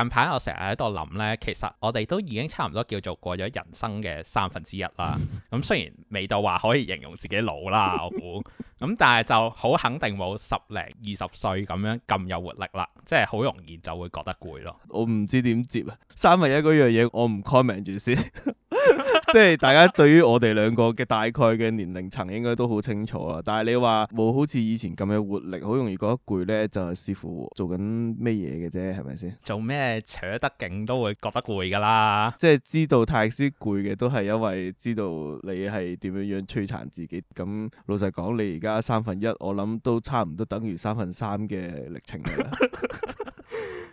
近排我成日喺度諗呢，其實我哋都已經差唔多叫做過咗人生嘅三分之一啦。咁 雖然未到話可以形容自己老啦，我估。咁但係就好肯定冇十零二十歲咁樣咁有活力啦，即係好容易就會覺得攰咯。我唔知點接啊，三分一嗰樣嘢我唔 comment 住先。 即係大家對於我哋兩個嘅大概嘅年齡層應該都好清楚啊。但係你話冇好似以前咁嘅活力，好容易覺得攰呢，就係視乎做緊咩嘢嘅啫，係咪先？做咩扯得勁都會覺得攰噶啦。即係知道太師攰嘅都係因為知道你係點樣樣摧殘自己。咁老實講，你而家三分一，我諗都差唔多等於三分三嘅歷程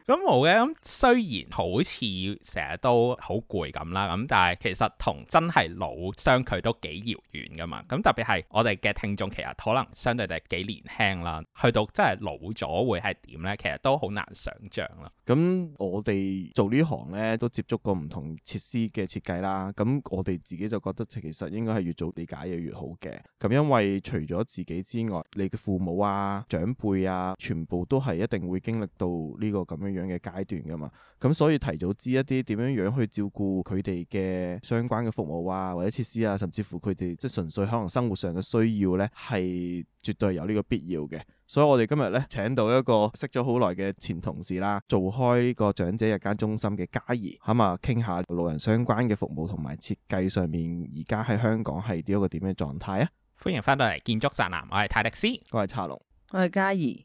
咁冇嘅，咁雖然好似成日都好攰咁啦，咁但係其實同真係老相距都幾遙遠噶嘛。咁特別係我哋嘅聽眾，其實可能相對地幾年輕啦。去到真係老咗會係點咧？其實都好難想象啦。咁我哋做呢行咧，都接觸過唔同設施嘅設計啦。咁我哋自己就覺得其實應該係越早理解嘢越好嘅。咁因為除咗自己之外，你嘅父母啊、長輩啊，全部都係一定會經歷到呢個咁樣樣嘅階段噶嘛，咁所以提早知一啲點樣樣去照顧佢哋嘅相關嘅服務啊，或者設施啊，甚至乎佢哋即係純粹可能生活上嘅需要呢，係絕對有呢個必要嘅。所以我哋今日呢，請到一個識咗好耐嘅前同事啦，做開呢個長者日間中心嘅嘉怡，咁啊，傾下老人相關嘅服務同埋設計上面，而家喺香港係點一個點嘅狀態啊？歡迎翻到嚟建築宅男，我係泰迪斯，我係查龍，我係嘉怡。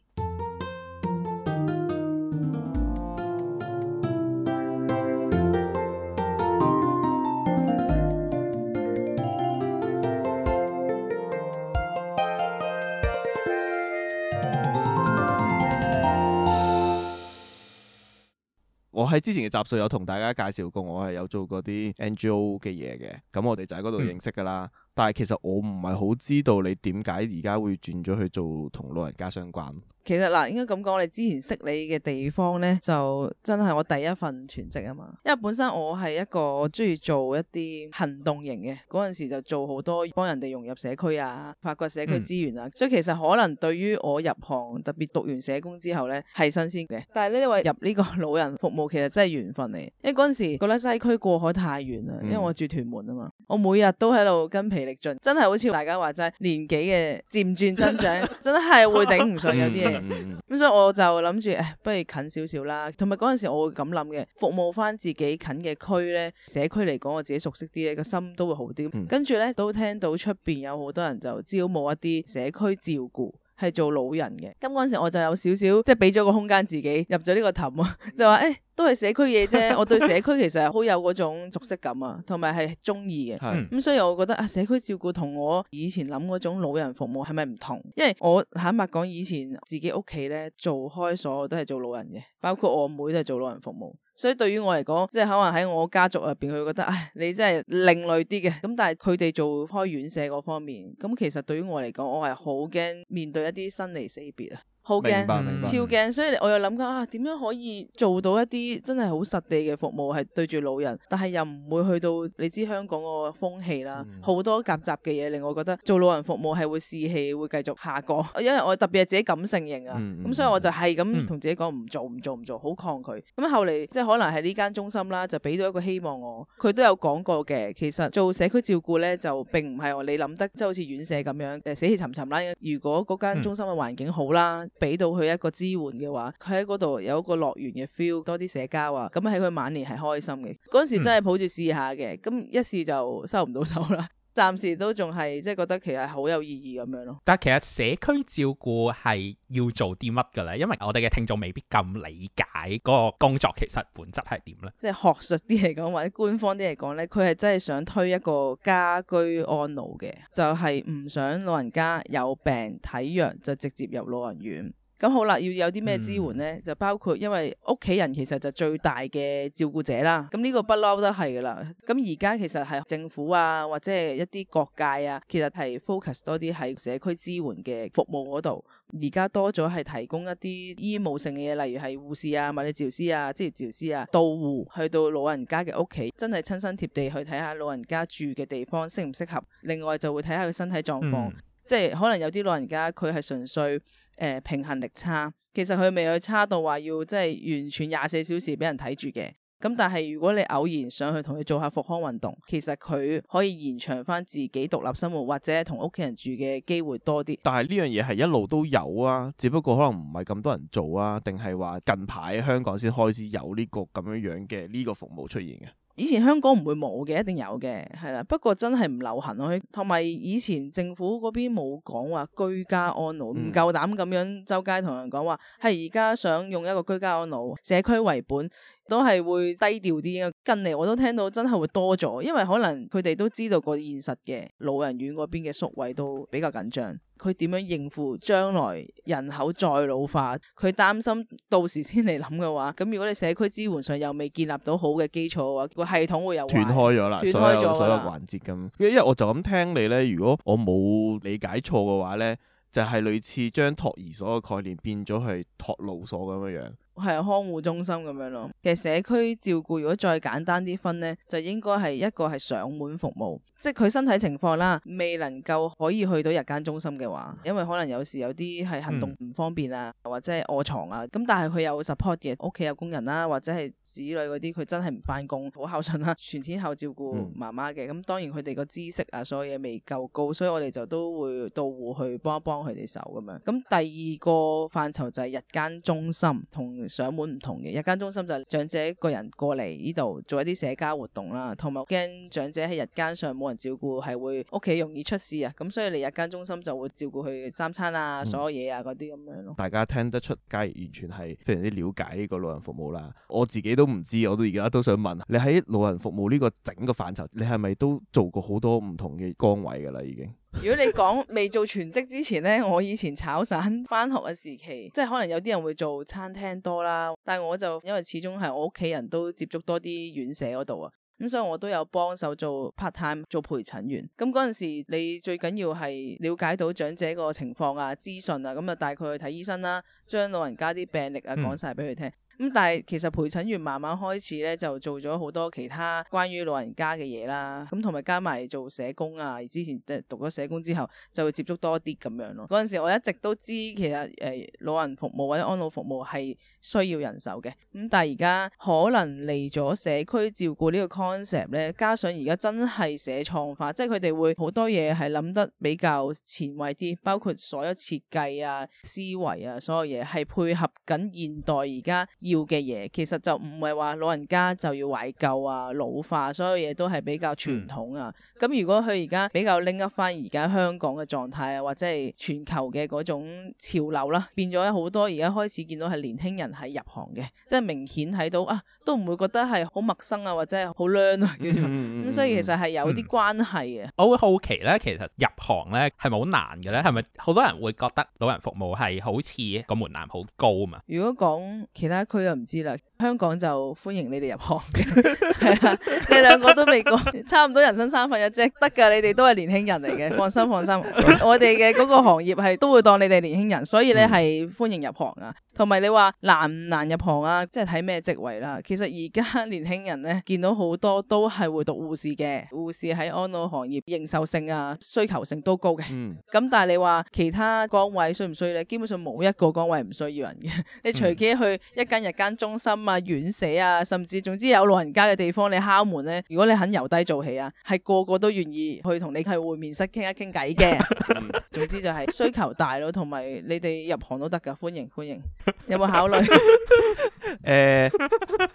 我喺之前嘅集數有同大家介紹過，我係有做過啲 NGO 嘅嘢嘅，咁我哋就喺嗰度認識㗎喇。嗯但係其實我唔係好知道你點解而家會轉咗去做同老人家相關。其實嗱，應該咁講，我哋之前識你嘅地方呢，就真係我第一份全職啊嘛。因為本身我係一個鍾意做一啲行動型嘅，嗰陣時就做好多幫人哋融入社區啊，發掘社區資源啊。嗯、所以其實可能對於我入行特別讀完社工之後呢，係新鮮嘅。但係呢位入呢個老人服務其實真係緣分嚟，因為嗰陣時覺得西區過海太遠啦，因為我住屯門啊嘛，我每日都喺度跟力盡，真係好似大家話齋，年紀嘅漸轉增長， 真係會頂唔順有啲嘢。咁 所以我就諗住，不如近少少啦。同埋嗰陣時我會咁諗嘅，服務翻自己近嘅區咧，社區嚟講我自己熟悉啲咧，個心都會好啲。 跟住咧都聽到出邊有好多人就招募一啲社區照顧。係做老人嘅，咁嗰陣時我就有少少即係俾咗個空間自己入咗呢個凼啊， 就話誒、欸、都係社區嘢啫， 我對社區其實係好有嗰種熟悉感啊，同埋係中意嘅，咁、 嗯、所以我覺得啊，社區照顧同我以前諗嗰種老人服務係咪唔同，因為我坦白講，以前自己屋企咧做開所都係做老人嘅，包括我妹妹都係做老人服務。所以對於我嚟講，即係可能喺我家族入邊，佢會覺得，唉，你真係另類啲嘅。咁但係佢哋做開院舍嗰方面，咁其實對於我嚟講，我係好驚面對一啲生離死別啊。好驚，超驚！所以我又諗緊啊，點樣可以做到一啲真係好實地嘅服務，係對住老人，但係又唔會去到你知香港個風氣啦，好、嗯、多夾雜嘅嘢令我覺得做老人服務係會士氣會繼續下降。因為我特別係自己感性型啊，咁、嗯、所以我就係咁同自己講唔做唔做唔做，好抗拒。咁後嚟即係可能係呢間中心啦，就俾到一個希望我。佢都有講過嘅，其實做社區照顧咧就並唔係話你諗得，即係好似院舍咁樣，誒死氣沉沉啦。如果嗰間中心嘅環境好啦～俾到佢一個支援嘅話，佢喺嗰度有一個樂園嘅 feel，多啲社交啊，咁喺佢晚年係開心嘅。嗰陣時真係抱住試下嘅，咁、嗯、一試就收唔到手啦。暫時都仲係即係覺得其實好有意義咁樣咯。但係其實社區照顧係要做啲乜嘅咧？因為我哋嘅聽眾未必咁理解嗰個工作其實本質係點咧？即係學術啲嚟講，或者官方啲嚟講咧，佢係真係想推一個家居安老嘅，就係唔想老人家有病睇藥就直接入老人院。咁好啦，要有啲咩支援呢？嗯、就包括，因為屋企人其實就最大嘅照顧者啦。咁呢個不嬲都係噶啦。咁而家其實係政府啊，或者係一啲各界啊，其實係 focus 多啲喺社區支援嘅服務嗰度。而家多咗係提供一啲醫務性嘅嘢，例如係護士啊、物理治療師啊、職業治療師啊、到戶去到老人家嘅屋企，真係親身貼地去睇下老人家住嘅地方適唔適合。另外就會睇下佢身體狀況。嗯即係可能有啲老人家佢係純粹誒、呃、平衡力差，其實佢未去差到話要即係完全廿四小時俾人睇住嘅。咁但係如果你偶然上去同佢做下復康運動，其實佢可以延長翻自己獨立生活或者同屋企人住嘅機會多啲。但係呢樣嘢係一路都有啊，只不過可能唔係咁多人做啊，定係話近排香港先開始有呢個咁樣樣嘅呢個服務出現嘅。以前香港唔會冇嘅，一定有嘅，係啦。不過真係唔流行咯、啊，同埋以前政府嗰邊冇講話居家安老，嗯，唔夠膽咁樣周街同人講話。係而家想用一個居家安老，社區為本，都係會低調啲。近嚟我都聽到真係會多咗，因為可能佢哋都知道個現實嘅老人院嗰邊嘅宿位都比較緊張。佢點樣應付將來人口再老化？佢擔心到時先嚟諗嘅話，咁如果你社區支援上又未建立到好嘅基礎嘅話，個系統會又斷開咗啦，斷開所有所有環節咁。因為我就咁聽你呢：「如果我冇理解錯嘅話呢，就係、是、類似將托兒所嘅概念變咗係托老所咁嘅樣。係啊康護中心咁樣咯，其實社區照顧如果再簡單啲分呢，就應該係一個係上門服務，即係佢身體情況啦，未能夠可以去到日間中心嘅話，因為可能有時有啲係行動唔方便啊，或者係臥床啊，咁但係佢有 support 嘅屋企有工人啦、啊，或者係子女嗰啲，佢真係唔翻工，好孝順啦、啊，全天候照顧媽媽嘅，咁、嗯、當然佢哋個知識啊，所有嘢未夠高，所以我哋就都會到戶去幫一幫佢哋手咁樣。咁第二個範疇就係日間中心同。上門唔同嘅，日間中心就長者一個人過嚟呢度做一啲社交活動啦，同埋驚長者喺日間上冇人照顧係會屋企容易出事啊。咁所以你日間中心就會照顧佢三餐啊，所有嘢啊嗰啲咁樣咯。大家聽得出，Kayee 完全係非常之了解呢個老人服務啦。我自己都唔知，我都而家都想問你喺老人服務呢個整個範疇，你係咪都做過好多唔同嘅崗位噶啦？已經。 如果你講未做全職之前呢，我以前炒散返 學嘅時期，即係可能有啲人會做餐廳多啦，但係我就因為始終係我屋企人都接觸多啲院舍嗰度啊，咁所以我都有幫手做 part time 做陪診員。咁嗰陣時你最緊要係了解到長者個情況啊、資訊啊，咁啊帶佢去睇醫生啦，將老人家啲病歷啊講晒俾佢聽。嗯咁但係其實陪診員慢慢開始咧就做咗好多其他關於老人家嘅嘢啦，咁同埋加埋做社工啊，之前即係讀咗社工之後就會接觸多啲咁樣咯。嗰陣時我一直都知其實誒老人服務或者安老服務係需要人手嘅，咁但係而家可能嚟咗社區照顧呢個 concept 咧，加上而家真係社創化，即係佢哋會好多嘢係諗得比較前衛啲，包括所有設計啊、思維啊、所有嘢係配合緊現代而家。要嘅嘢其實就唔係話老人家就要懷舊啊、老化，所有嘢都係比較傳統啊。咁、嗯、如果佢而家比較拎一翻而家香港嘅狀態啊，或者係全球嘅嗰種潮流啦，變咗好多。而家開始見到係年輕人喺入行嘅，即係明顯睇到啊，都唔會覺得係好陌生啊，或者係好 l 啊咁。嗯、所以其實係有啲關係嘅、嗯嗯。我會好奇咧，其實入行咧係咪好難嘅咧？係咪好多人會覺得老人服務係好似個門檻好高嘛？如果講其他區。佢又唔知啦，香港就歡迎你哋入行嘅，係啦， 你兩個都未過，差唔多人生三分一啫，得㗎，你哋都係年輕人嚟嘅，放心放心，我哋嘅嗰個行業係都會當你哋年輕人，所以咧係歡迎入行啊。同埋你話難唔難入行啊？即係睇咩職位啦。其實而家年輕人呢，見到好多都係會讀護士嘅，護士喺安老行業認受性啊、需求性都高嘅。咁、嗯、但係你話其他崗位需唔需要咧？基本上冇一個崗位唔需要人嘅。你隨機去一間日間中心啊、院舍啊，甚至總之有老人家嘅地方，你敲門呢，如果你肯由低做起啊，係個個都願意去同你喺會面室傾一傾偈嘅。 總之就係需求大咯，同埋你哋入行都得㗎，歡迎歡迎。有冇考慮？誒、 呃，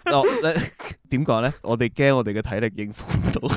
嗱、哦，點講咧？我哋驚我哋嘅體力應付唔到。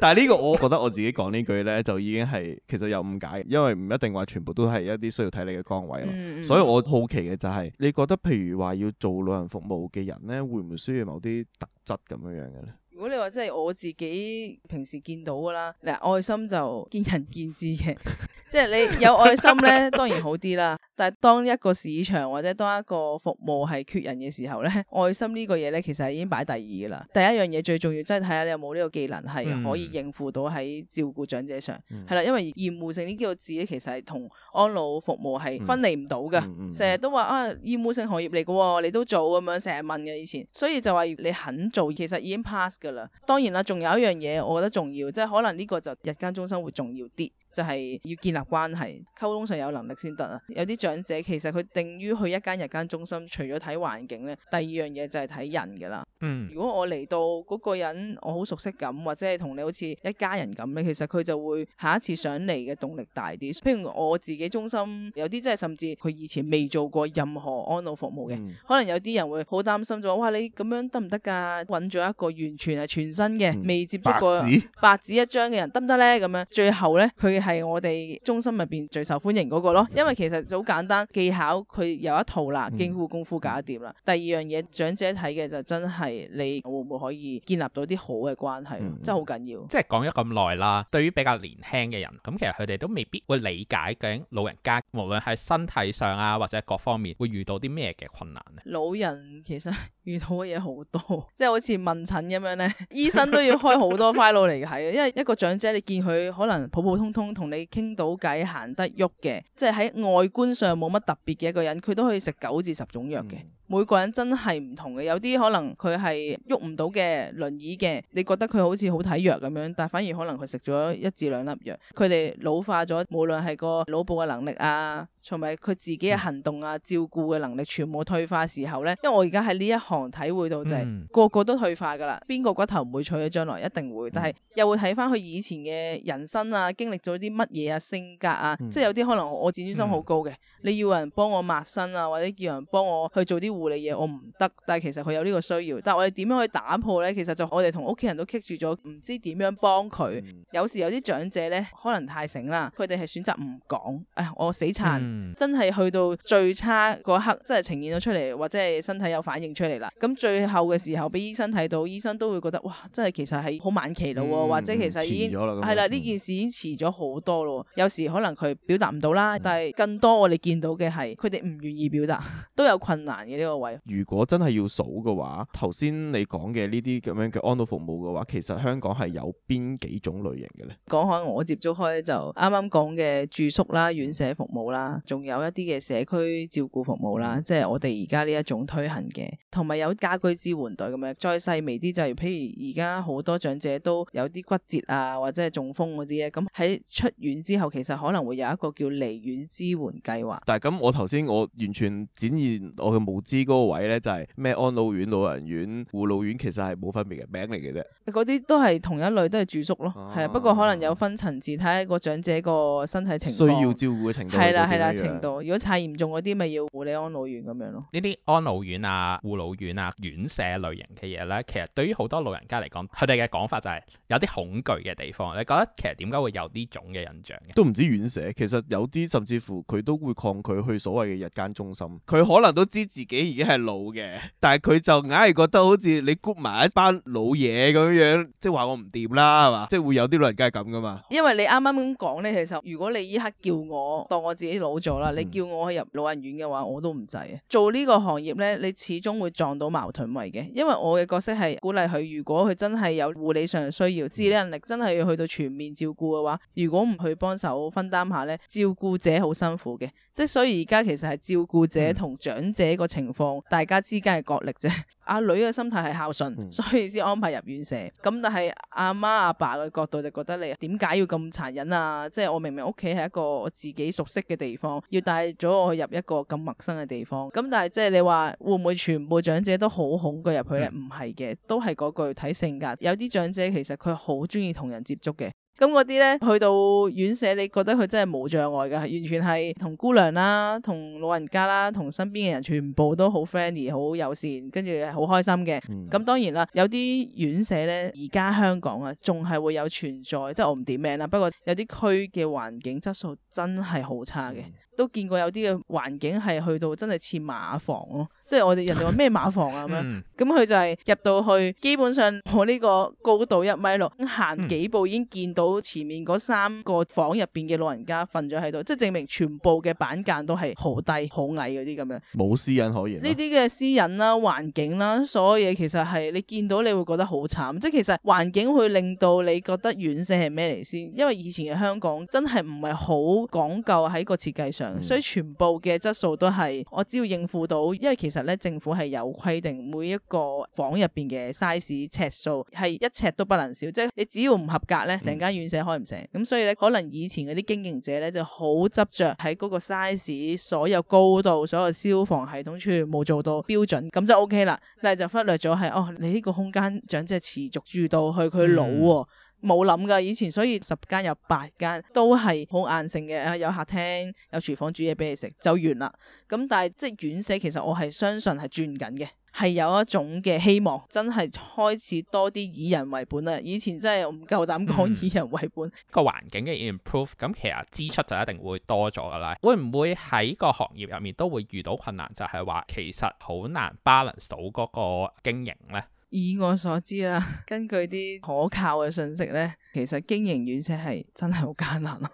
但係呢個我覺得我自己講呢句咧，就已經係其實有誤解，因為唔一定話全部都係一啲需要體力嘅崗位咯。嗯、所以我好奇嘅就係、是，你覺得譬如話要做老人服務嘅人咧，會唔會需要某啲特質咁樣樣嘅咧？如果你話即係我自己平時見到噶啦，嗱，愛心就見仁見智嘅， 即係你有愛心咧，當然好啲啦。但係當一個市場或者當一個服務係缺人嘅時候咧，愛心呢個嘢咧，其實係已經擺第二噶啦。第一樣嘢最重要，即係睇下你有冇呢個技能係可以應付到喺照顧長者上，係啦、嗯，因為厭惡性呢幾個字咧，其實係同安老服務係分離唔到嘅，成日都話啊，厭惡性行業嚟嘅喎，你都做咁樣成日問嘅以前，所以就話你肯做，其實已經 pass 嘅。當然啦，仲有一樣嘢，我覺得重要，即係可能呢個就日間中心會重要啲。就係要建立關係溝通上有能力先得啊！有啲長者其實佢定於去一間日間中心，除咗睇環境咧，第二樣嘢就係睇人㗎喇。嗯，如果我嚟到嗰個人，我好熟悉咁，或者係同你好似一家人咁咧，其實佢就會下一次上嚟嘅動力大啲。譬如我自己中心有啲真係甚至佢以前未做過任何安老服務嘅，嗯、可能有啲人會好擔心咗。哇！你咁樣得唔得㗎？揾咗一個完全係全新嘅，未接觸過、嗯、白紙一張嘅人得唔得咧？咁樣最後咧佢係我哋中心入邊最受歡迎嗰個咯，因為其實就好簡單技巧，佢有一套啦，經過功夫搞掂碟啦。嗯、第二樣嘢長者睇嘅就真係你會唔會可以建立到啲好嘅關係，啊，嗯、真係好緊要。即係講咗咁耐啦，對於比較年輕嘅人，咁其實佢哋都未必會理解緊老人家，無論喺身體上啊或者各方面會遇到啲咩嘅困難咧。老人其實哈哈遇到嘅嘢好多，即係好似問診咁樣咧，醫生都要開好多 file 嚟睇， 因為一個長者你見佢可能普普通通，通。同你傾到偈，行得喐嘅，即係喺外觀上冇乜特別嘅一個人，佢都可以食九至十種藥嘅。嗯每個人真係唔同嘅，有啲可能佢係喐唔到嘅輪椅嘅，你覺得佢好似好體弱咁樣，但反而可能佢食咗一至兩粒藥，佢哋老化咗，無論係個腦部嘅能力啊，同埋佢自己嘅行動啊、照顧嘅能力全部退化時候咧，因為我而家喺呢一行體會到就係、是嗯、個個都退化噶啦，邊個骨頭唔會脆啊？將來一定會，但係又會睇翻佢以前嘅人生啊，經歷咗啲乜嘢啊，性格啊，嗯、即係有啲可能我自尊心好高嘅，嗯、你要人幫我抹身啊，或者叫人幫我去做啲。護理嘢，我唔得，但係其實佢有呢個需要。但係我哋點樣去打破咧？其實就我哋同屋企人都棘住咗，唔知點樣幫佢。嗯、有時有啲長者咧，可能太醒啦，佢哋係選擇唔講。唉、哎，我死撐，嗯、真係去到最差嗰刻，真係呈現咗出嚟，或者係身體有反應出嚟啦。咁最後嘅時候，俾醫生睇到，醫生都會覺得哇，真係其實係好晚期咯，嗯、或者其實已經係啦，呢件事已經遲咗好多咯。有時可能佢表達唔到啦，但係更多我哋見到嘅係，佢哋唔願意表達，都有困難嘅呢、這個。 如果真係要數嘅話，頭先你講嘅呢啲咁樣嘅安老服務嘅話，其實香港係有邊幾種類型嘅呢？講開我接觸開就啱啱講嘅住宿啦、院舍服務啦，仲有一啲嘅社區照顧服務啦，即係我哋而家呢一種推行嘅，同埋有家居支援隊咁樣。再細微啲就係譬如而家好多長者都有啲骨折啊，或者係中風嗰啲咧，咁喺出院之後，其實可能會有一個叫離院支援計劃。但係咁，我頭先我完全展現我嘅無知。呢個位咧就係咩安老院、老人院、護老院，其實係冇分別嘅名嚟嘅啫。嗰啲都係同一類，都係住宿咯。係啊，不過可能有分層次，睇個長者個身體情況，需要照顧嘅程度。係啦係啦，樣程度。如果太嚴重嗰啲，咪要護理安老院咁樣咯。呢啲安老院啊、護老院啊、院舍類型嘅嘢咧，其實對於好多老人家嚟講，佢哋嘅講法就係有啲恐懼嘅地方。你覺得其實點解會有呢種嘅印象嘅？都唔知院舍，其實有啲甚至乎佢都會抗拒去所謂嘅日間中心。佢可能都知自己已經係老嘅，但係佢就硬係覺得好似你谷埋一班老嘢咁樣，即係話我唔掂啦，係嘛？即係會有啲老人家係咁噶嘛？因為你啱啱咁講咧，其實如果你依刻叫我當我自己老咗啦，你叫我去入老人院嘅話，我都唔制啊！做呢個行業咧，你始終會撞到矛盾位嘅。因為我嘅角色係鼓勵佢，如果佢真係有護理上嘅需要，自理能力真係要去到全面照顧嘅話，如果唔去幫手分擔下咧，照顧者好辛苦嘅。即係所以而家其實係照顧者同長者個情況、嗯。大家之間嘅角力啫，阿女嘅心態係孝順，所以先安排入院舍。咁但係阿媽阿爸嘅角度就覺得你點解要咁殘忍啊？即係我明明屋企係一個我自己熟悉嘅地方，要帶咗我去入一個咁陌生嘅地方。咁但係即係你話會唔會全部長者都好恐懼入去呢？唔係嘅，都係嗰句睇性格。有啲長者其實佢好中意同人接觸嘅。咁嗰啲咧去到院舍，你覺得佢真係無障礙嘅，完全係同姑娘啦、同老人家啦、同身邊嘅人全部都好 friendly、好友善，跟住好開心嘅。咁、嗯、當然啦，有啲院舍咧，而家香港啊，仲係會有存在，即係我唔點名啦。不過有啲區嘅環境質素真係好差嘅。都見過有啲嘅環境係去到真係似馬房咯，即係我哋人哋話咩馬房啊咁樣，咁佢就係入到去，基本上我呢個高度一米六，行幾步已經見到前面嗰三個房入邊嘅老人家瞓咗喺度，即係證明全部嘅板間都係好低、好矮嗰啲咁樣，冇私隱可言。呢啲嘅私隱啦、啊、環境啦、啊，所有嘢其實係你見到你會覺得好慘，即係其實環境會令到你覺得院舍係咩嚟先？因為以前嘅香港真係唔係好講究喺個設計上。嗯、所以全部嘅質素都係，我只要應付到，因為其實咧政府係有規定每一個房入邊嘅 size 尺數，係一尺都不能少，即係你只要唔合格咧，成間院舍開唔成。咁、嗯、所以咧，可能以前嗰啲經營者咧就好執着喺嗰個 size，所有高度、所有消防系統處冇做到標準，咁就 O K 啦。但係就忽略咗係，哦，你呢個空間長者持續住到去佢老。嗯。冇諗噶，以前所以十間有八間都係好硬性嘅，有客廳、有廚房煮嘢俾你食就完啦。咁但係即係院舍，院舍其實我係相信係轉緊嘅，係有一種嘅希望，真係開始多啲以人為本啦。以前真係唔夠膽講以人為本，嗯這個環境嘅 improve，咁其實支出就一定會多咗噶啦。會唔會喺個行業入面都會遇到困難，就係、是、話其實好難 balance 到嗰個經營呢？以我所知啦，根據啲可靠嘅信息呢，其實經營院舍係真係好艱難咯，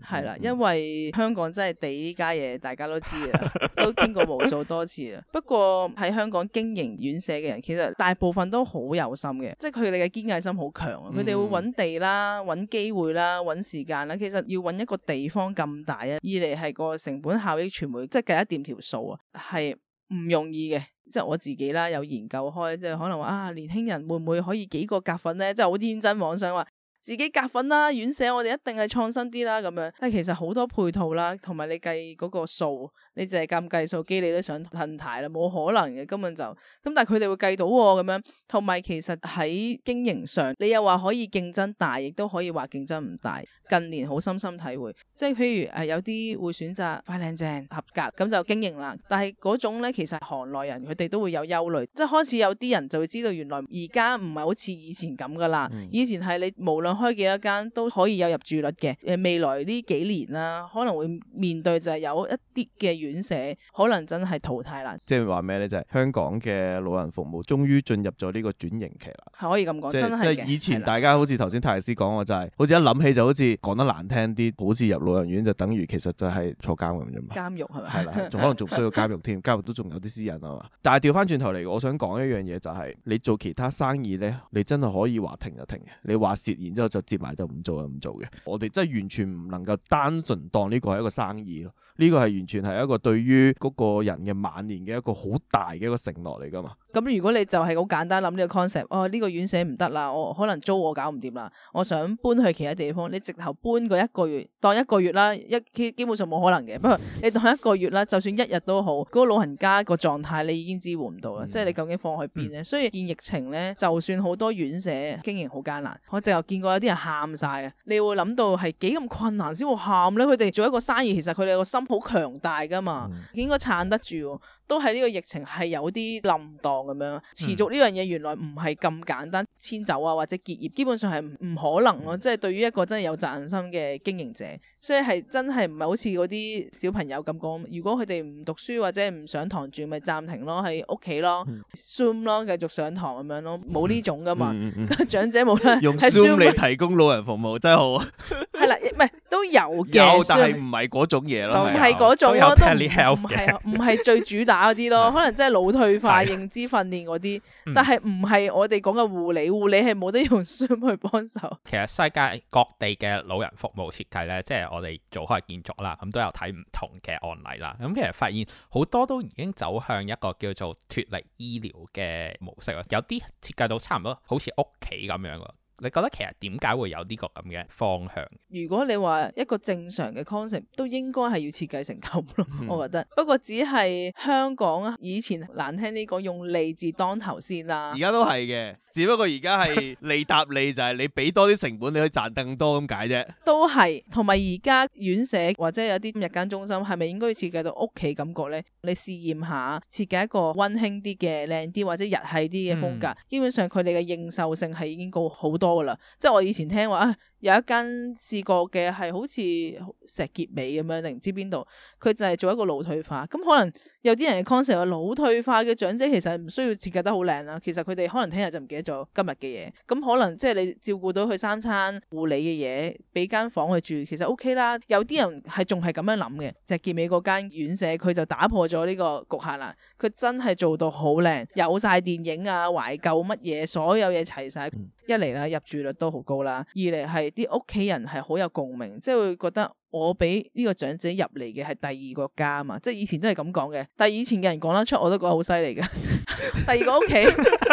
係 啦、嗯嗯， 因為香港真係地呢家嘢大家都知啦， 都經過無數多次啦。不過喺香港經營院舍嘅人其實大部分都好有心嘅，即係佢哋嘅堅毅心好強，佢哋會揾地啦、揾機會啦、揾時間啦。其實要揾一個地方咁大啊，二嚟係個成本效益傳媒，即係計一掂條數啊，係。唔容易嘅，即係我自己啦，有研究開，即係可能話啊，年輕人會唔會可以幾個夾份呢？即係好天真妄想話自己夾份啦，院舍我哋一定係創新啲啦咁樣。但係其實好多配套啦，同埋你計嗰個數。你就係撳計數機，你都想平台啦，冇可能嘅，根本就咁。但係佢哋會計到喎、哦，咁樣同埋其實喺經營上，你又話可以競爭大，亦都可以話競爭唔大。近年好深深體會，即係譬如係有啲會選擇快靚正合格咁就經營啦。但係嗰種咧，其實行內人佢哋都會有憂慮，即係開始有啲人就會知道原來而家唔係好似以前咁㗎啦。以前係你無論開幾多間都可以有入住率嘅。誒未來呢幾年啦，可能會面對就係有一啲嘅。院舍可能真係淘汰啦，即係話咩呢？就係、是、香港嘅老人服務終於進入咗呢個轉型期啦，可以咁講，是真係以前大家的、就是、好似頭先泰斯講嘅就係，好似一諗起就好似講得難聽啲，好似入老人院就等於其實就係坐監咁啫嘛，監獄係咪？係啦，仲可能仲需要監獄添，監獄都仲有啲私隱啊嘛。但係掉返轉頭嚟，我想講一樣嘢就係、是，你做其他生意呢，你真係可以話停就停，你話蝕然之後接就接埋就唔做就唔做嘅。我哋真係完全唔能夠單純當呢個係一個生意咯，呢個係完全係一個。對於嗰個人嘅晚年嘅一個好大嘅一個承諾嚟噶嘛。咁如果你就係好簡單諗呢個 concept，哦呢個院舍唔得啦，我、哦、可能租我搞唔掂啦，我想搬去其他地方，你直頭搬過一個月當一個月啦，一基基本上冇可能嘅。不過你當一個月啦，就算一日都好，嗰個老人家個狀態你已經支援唔到啦，嗯、即係你究竟放去邊咧？嗯、所以見疫情咧，就算好多院舍經營好艱難，我就見過有啲人喊晒呀。你會諗到係幾咁困難先會喊咧？佢哋做一個生意，其實佢哋個心好強大㗎嘛，應該撐得住。都係呢個疫情係有啲冧盪咁樣，持續呢樣嘢原來唔係咁簡單遷走啊或者結業，基本上係唔可能咯。即係對於一個真係有責任心嘅經營者，所以係真係唔係好似嗰啲小朋友咁講，如果佢哋唔讀書或者唔上堂住，咪暫停咯，喺屋企咯，zoom 咯，繼續上堂咁樣咯，冇呢種噶嘛。長者冇用 zoom 嚟提供老人服務真係好啊。係啦，唔係都有嘅，但係唔係嗰種嘢咯，唔係嗰種唔係唔係最主打啲咯，的可能真係腦退化的認知訓練嗰啲，但係唔係我哋講嘅護理，護理係冇得用書去幫手。其實世界各地嘅老人服務設計咧，即係我哋做開建築啦，咁都有睇唔同嘅案例啦。咁其實發現好多都已經走向一個叫做脫離醫療嘅模式咯，有啲設計到差唔多好似屋企咁樣。你覺得其實點解會有呢個咁嘅方向？如果你話一個正常嘅 concept 都應該係要設計成咁咯，我覺得。 不過只係香港啊，以前難聽啲講，用利字當頭先啦。而家都係嘅。只不過而家係利搭利，就係你俾多啲成本，你可以賺更多咁解啫。都係，同埋而家院舍或者有啲日間中心係咪應該要設計到屋企感覺咧？你試驗下設計一個温馨啲嘅，靚啲或者日系啲嘅風格，嗯、基本上佢哋嘅認受性係已經高好多噶啦。即係我以前聽話。有一間試過嘅係好似石硤尾咁樣定唔知邊度，佢就係做一個退、嗯、腦退化。咁可能有啲人嘅 concept 腦退化嘅長者其實唔需要設計得好靚啦，其實佢哋可能聽日就唔記得咗今日嘅嘢。咁、嗯、可能即係你照顧到佢三餐、護理嘅嘢，俾間房佢住，其實 OK 啦。有啲人係仲係咁樣諗嘅。石硤尾嗰間院舍佢就打破咗呢個局限啦，佢真係做到好靚，有晒電影啊、懷舊乜嘢，所有嘢齊晒。一嚟啦，入住率都好高啦；二嚟係啲屋企人係好有共鳴，即係會覺得我俾呢個長者入嚟嘅係第二個家嘛，即係以前都係咁講嘅。但係以前嘅人講得出，我都覺得好犀利嘅第二個屋企。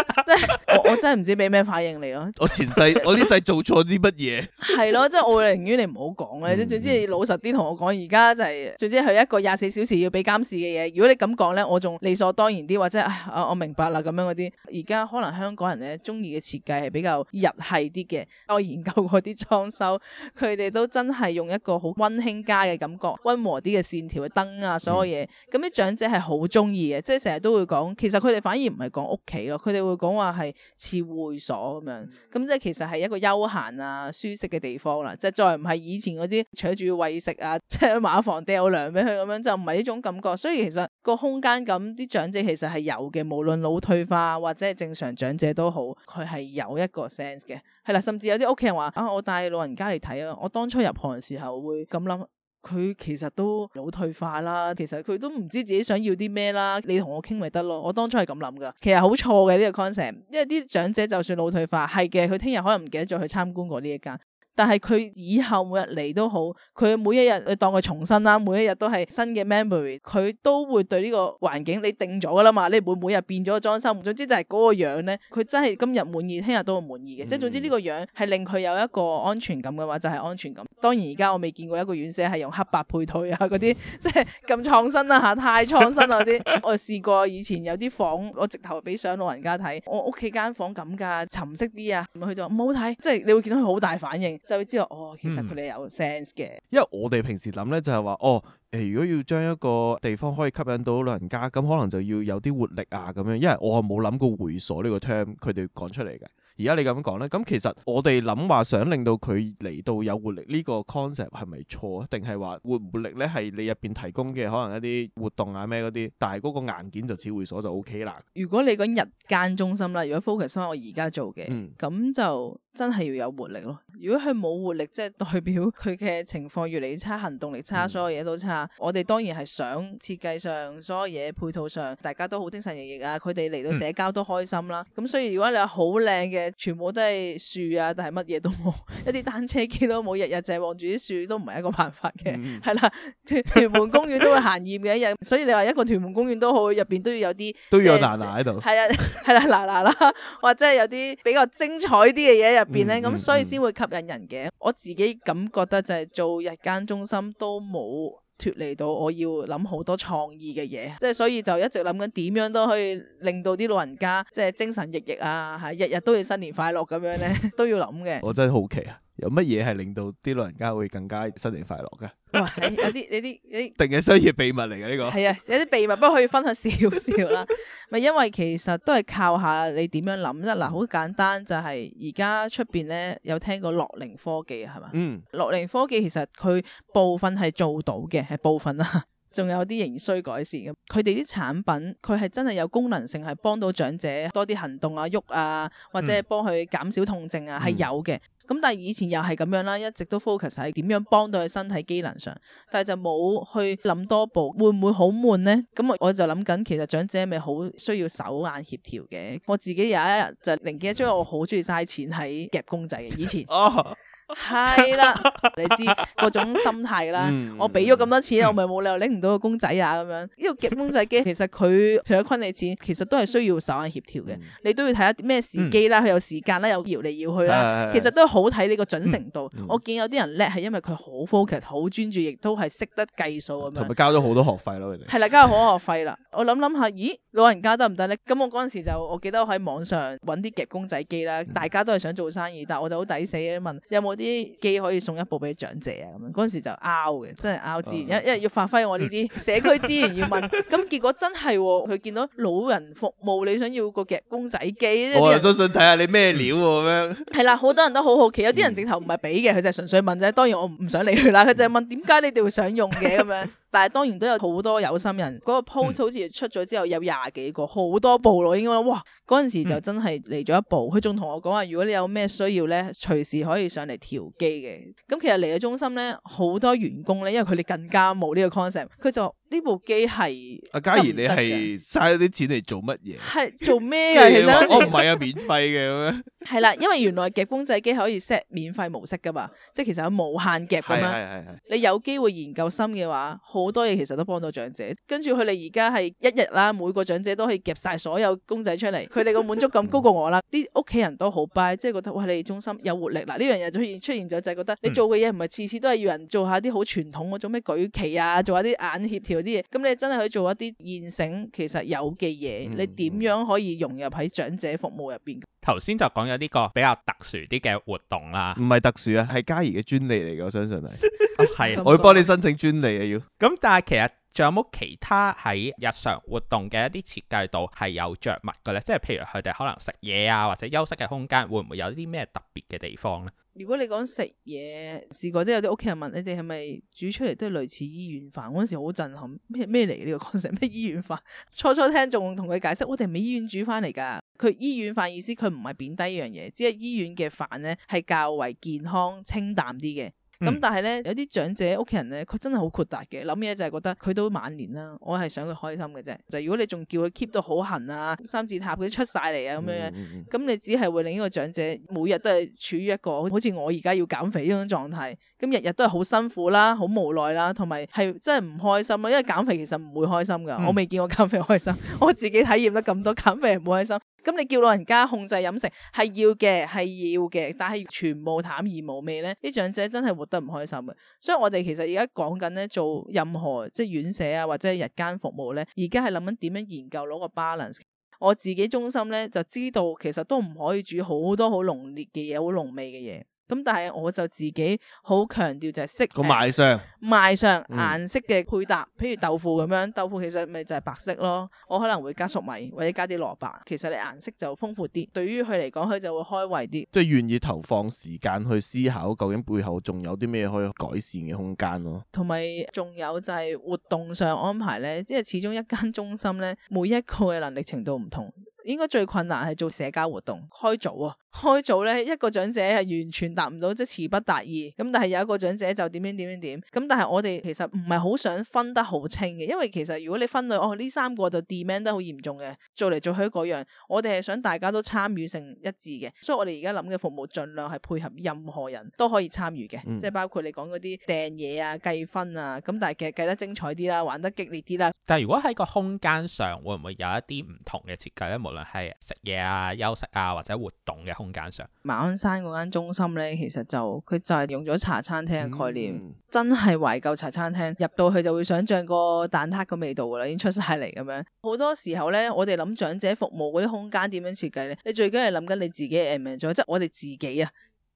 我，我真係唔知俾咩反應你咯。 我前世我呢世做錯啲乜嘢？係咯， 即係我寧願你唔好講嘅，總之你老實啲同我講。而家就係、是、總之係一個廿四小時要俾監視嘅嘢。如果你咁講咧，我仲理所當然啲，或者、哎、我明白啦咁樣嗰啲。而家可能香港人咧中意嘅設計係比較日系啲嘅。我研究過啲裝修，佢哋都真係用一個好溫馨家嘅感覺，溫和啲嘅線條嘅燈啊，所有嘢。咁啲長者係好中意嘅，即係成日都會講。其實佢哋反而唔係講屋企咯，佢哋會講。話係似會所咁樣，咁即係其實係一個休閒啊、舒適嘅地方啦。即係再唔係以前嗰啲坐住喂食啊，即係馬房掉糧俾佢咁樣，就唔係呢種感覺。所以其實個空間感，啲長者其實係有嘅，無論腦退化或者係正常長者都好，佢係有一個 sense 嘅。係啦，甚至有啲屋企人話啊，我帶老人家嚟睇啊，我當初入行嘅時候會咁諗。佢其實都腦退化啦，其實佢都唔知自己想要啲咩啦。你同我傾咪得咯？我當初係咁諗噶，其實好錯嘅呢個 concept。因為啲長者就算腦退化，係嘅，佢聽日可能唔記得咗去參觀過呢一間。但係佢以後每日嚟都好，佢每一日你當佢重新啦，每一日都係新嘅 memory，佢都會對呢個環境你定咗噶啦嘛，你會每日變咗個裝修，總之就係嗰個樣咧，佢真係今日滿意，聽日都會滿意嘅。即係、嗯、總之呢個樣係令佢有一個安全感嘅話，就係、是、安全感。當然而家我未見過一個院舍係用黑白配對啊，嗰啲即係咁創新啊吓，太創新啊啲。 我試過以前有啲房我直頭俾上老人家睇，我屋企間房咁噶，沉色啲啊，佢就唔好睇，即係你會見到佢好大反應。就會知道哦，其實佢哋有 sense 嘅、嗯。因為我哋平時諗咧就係話哦，誒、呃、如果要將一個地方可以吸引到老人家，咁可能就要有啲活力啊咁樣。因為我冇諗過會所呢個 term，佢哋講出嚟嘅。而家你咁講咧，咁其實我哋諗話想令到佢嚟到有活力，呢個 concept 係咪錯啊？定係話活唔活力咧係你入邊提供嘅可能一啲活動啊咩嗰啲，但係嗰個硬件就只會所就 OK 啦。如果你講日間中心啦，如果 focus 翻我而家做嘅，咁就真係要有活力咯。如果佢冇活力，即係代表佢嘅情況越嚟越差，行動力差，所有嘢都差。我哋當然係想設計上所有嘢配套上，大家都好精神奕奕啊。佢哋嚟到社交都開心啦。咁所以如果你有好靚嘅。全部都係樹啊，但係乜嘢都冇，一啲單車機都冇，日日淨係望住啲樹都唔係一個辦法嘅。係啦、嗯，屯屯門公園都會行厭嘅一日，所以你話一個屯門公園都好，入邊都要有啲都要有嗱嗱喺度，係啊，係啦嗱嗱啦，或者係有啲比較精彩啲嘅嘢入邊咧，咁、嗯嗯、所以先會吸引人嘅。我自己咁覺得就係做日間中心都冇。脫離到我要諗好多創意嘅嘢，即係所以就一直諗緊點樣都可以令到啲老人家即係精神奕奕啊，吓，日日都要新年快樂咁樣咧， 都要諗嘅。我真係好奇啊！有乜嘢係令到啲老人家會更加新年快樂嘅？有啲你啲你，定係商業秘密嚟嘅呢個？係啊，有啲秘密，不過可以分享少少啦。咪 因為其實都係靠下你點樣諗啫。嗱、啊，好簡單就係而家出邊咧有聽過樂齡科技係嘛？嗯，樂齡科技其實佢部分係做到嘅，係部分啦、啊，仲有啲仍需改善嘅。佢哋啲產品，佢係真係有功能性，係幫到長者多啲行動啊、喐啊，或者係幫佢減少痛症啊，係、嗯、有嘅。咁但係以前又係咁樣啦，一直都 focus 喺點樣幫到佢身體機能上，但係就冇去諗多步，會唔會好悶咧？咁我我就諗緊，其實長者咪好需要手眼協調嘅。我自己有一日就零記，將我好中意嘥錢喺夾公仔嘅以前。 哦係啦，你知嗰種心態啦。 嗯、我俾咗咁多錢，我咪冇理由拎唔到個公仔啊咁樣。呢個夾公仔機其實佢除咗昆你錢，其實都係需要手眼協調嘅。嗯、你都要睇下咩時機啦，佢、嗯、有時間啦，有搖嚟搖去啦。嗯、其實都好睇你個準程度。嗯嗯、我見有啲人叻係因為佢好 focus，好專注，亦都係識得計數咁樣。同埋交咗好多學費咯，係啦， 交好多學費啦。我諗諗下，咦，老人家得唔得咧？咁我嗰陣時就我記得我喺網上揾啲夾公仔機啦。大家都係想做生意，但我就好抵死啊問有冇。啲機可以送一部俾長者啊，咁樣，嗰陣時就拗嘅，真係拗自然。因因為要發揮我呢啲社區資源，要問，咁 結果真係佢見到老人服務，你想要個夾公仔機，我又相信睇下你咩料喎咁樣。係啦， 好多人都好好奇，有啲人直頭唔係俾嘅，佢就純粹問啫。當然我唔想理佢啦，佢就問點解你哋會想用嘅咁樣。 但係當然都有好多有心人，嗰、嗰個 post 好似出咗之後有廿幾個，好、嗯、多部咯，應該哇嗰陣時就真係嚟咗一部，佢仲同我講話，如果你有咩需要咧，隨時可以上嚟調機嘅。咁其實嚟咗中心咧，好多員工咧，因為佢哋更加冇呢個 concept，佢就。呢部機係阿嘉怡，儀你係嘥咗啲錢嚟做乜嘢？係 做咩啊？ 其實我唔係啊，免費嘅咁樣。係 啦， 因為原來夾公仔機可以 set 免費模式噶嘛，即係其實有無限夾咁樣。 你有機會研究深嘅話，好多嘢其實都幫到長者。跟住佢哋而家係一日啦，每個長者都可以夾晒所有公仔出嚟，佢哋個滿足感高過我啦。啲屋企人都好 buy，即係覺得，你哋中心有活力嗱。呢樣嘢出現咗就係覺得你做嘅嘢唔係次次都係要人做下啲好傳統，嗰種做咩舉旗啊？做下啲眼協調。啲嘢，咁你真係去做一啲現成其實有嘅嘢，嗯、你點樣可以融入喺長者服務入邊？頭先、嗯、就講咗呢個比較特殊啲嘅活動啦，唔係特殊啊，係嘉怡嘅專利嚟嘅，我相信係，係，我會幫你申請專利啊要。咁 但係其實仲有冇其他喺日常活動嘅一啲設計度係有着物嘅咧？即係譬如佢哋可能食嘢啊，或者休息嘅空間，會唔會有啲咩特別嘅地方咧？如果你講食嘢，試過即係有啲屋企人問你哋係咪煮出嚟都係類似醫院飯，嗰陣時好震撼，咩咩嚟呢個講成咩醫院飯？初初聽仲同佢解釋，我哋唔係醫院煮翻嚟噶，佢醫院飯意思佢唔係貶低呢樣嘢，只係醫院嘅飯咧係較為健康清淡啲嘅。咁、嗯、但係咧，有啲長者屋企人咧，佢真係好豁達嘅，諗嘢就係覺得佢都晚年啦，我係想佢開心嘅啫。就如果你仲叫佢 keep 到好痕啊、三字塔嗰啲出晒嚟啊咁樣樣，咁、嗯嗯嗯、你只係會令呢個長者每日都係處於一個好似我而家要減肥呢種狀態，咁日日都係好辛苦啦、好無奈啦，同埋係真係唔開心啊。因為減肥其實唔會開心㗎，嗯、我未見過減肥開心，嗯、 我自己體驗得咁多減肥唔會開心。咁你叫老人家控制飲食，係要嘅，係要嘅，但係全部淡而無味咧，啲長者真係活得唔開心嘅。所以我哋其實而家講緊咧，做任何即係院舍啊，或者係日間服務咧，而家係諗緊點樣研究攞個 balance。我自己中心咧就知道，其實都唔可以煮好多好濃烈嘅嘢，好濃味嘅嘢。咁但係我就自己好強調就係色，個賣相，賣相顏色嘅配搭，嗯、譬如豆腐咁樣，豆腐其實咪就係白色咯，我可能會加粟米或者加啲蘿蔔，其實你顏色就豐富啲，對於佢嚟講佢就會開胃啲。即係願意投放時間去思考，究竟背後仲有啲咩可以改善嘅空間咯。同埋仲有就係活動上安排咧，即係始終一間中心咧，每一個嘅能力程度唔同。應該最困難係做社交活動，開組啊，開組咧一個長者係完全達唔到即係詞不達意，咁但係有一個長者就點點點點點，咁但係我哋其實唔係好想分得好清嘅，因為其實如果你分類哦呢三個就 demand 得好嚴重嘅，做嚟做去嗰樣，我哋係想大家都參與性一致嘅，所以我哋而家諗嘅服務盡量係配合任何人都可以參與嘅，嗯、即係包括你講嗰啲掟嘢啊計分啊，咁但係其實計得精彩啲啦，玩得激烈啲啦。但係如果喺個空間上會唔會有一啲唔同嘅設計咧？無論係食嘢啊、休息啊或者活動嘅空間上，馬鞍山嗰間中心咧，其實就佢就係用咗茶餐廳嘅概念，嗯、真係懷舊茶餐廳，入到去就會想象個蛋撻嘅味道噶啦，已經出晒嚟咁樣。好多時候咧，我哋諗長者服務嗰啲空間點樣設計咧，你最緊係諗緊你自己嘅 environment 即係我哋自己啊。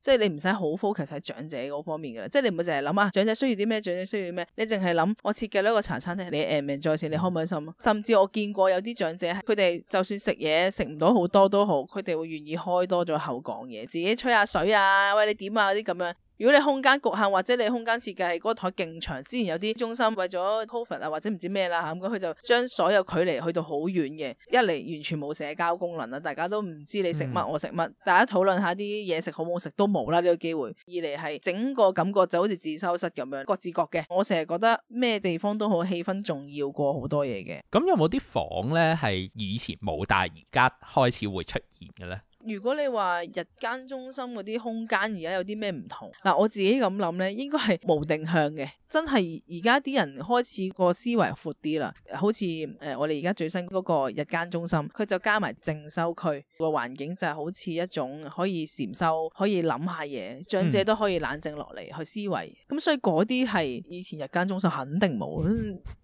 即係你唔使好 focus 喺長者嗰方面嘅啦，即係你唔會淨係諗啊，長者需要啲咩，長者需要咩，你淨係諗我設計咗一個茶餐廳，你誒命在線，你開唔開心啊？甚至我見過有啲長者係佢哋就算食嘢食唔到好多都好，佢哋會願意開多咗口講嘢，自己吹下水啊，喂，你點啊啲咁樣。等等。如果你空間局限，或者你空間設計係嗰個台勁長，之前有啲中心為咗 COVID 啊，或者唔知咩啦吓，咁佢就將所有距離去到好遠嘅，一嚟完全冇社交功能啦，大家都唔知你食乜我食乜，大家討論下啲嘢食好唔好食都冇啦呢個機會。二嚟係整個感覺就好似自修室咁樣，各自各嘅。我成日覺得咩地方都好氣氛重要過好多嘢嘅。咁有冇啲房呢？係以前冇，但而家開始會出現嘅呢。如果你話日間中心嗰啲空間而家有啲咩唔同嗱、啊，我自己咁諗咧，應該係無定向嘅，真係而家啲人開始個思維闊啲啦。好似誒、呃、我哋而家最新嗰個日間中心，佢就加埋靜修區、這個環境就係好似一種可以禪修、可以諗下嘢，長者都可以冷靜落嚟去思維。咁、嗯、所以嗰啲係以前日間中心肯定冇，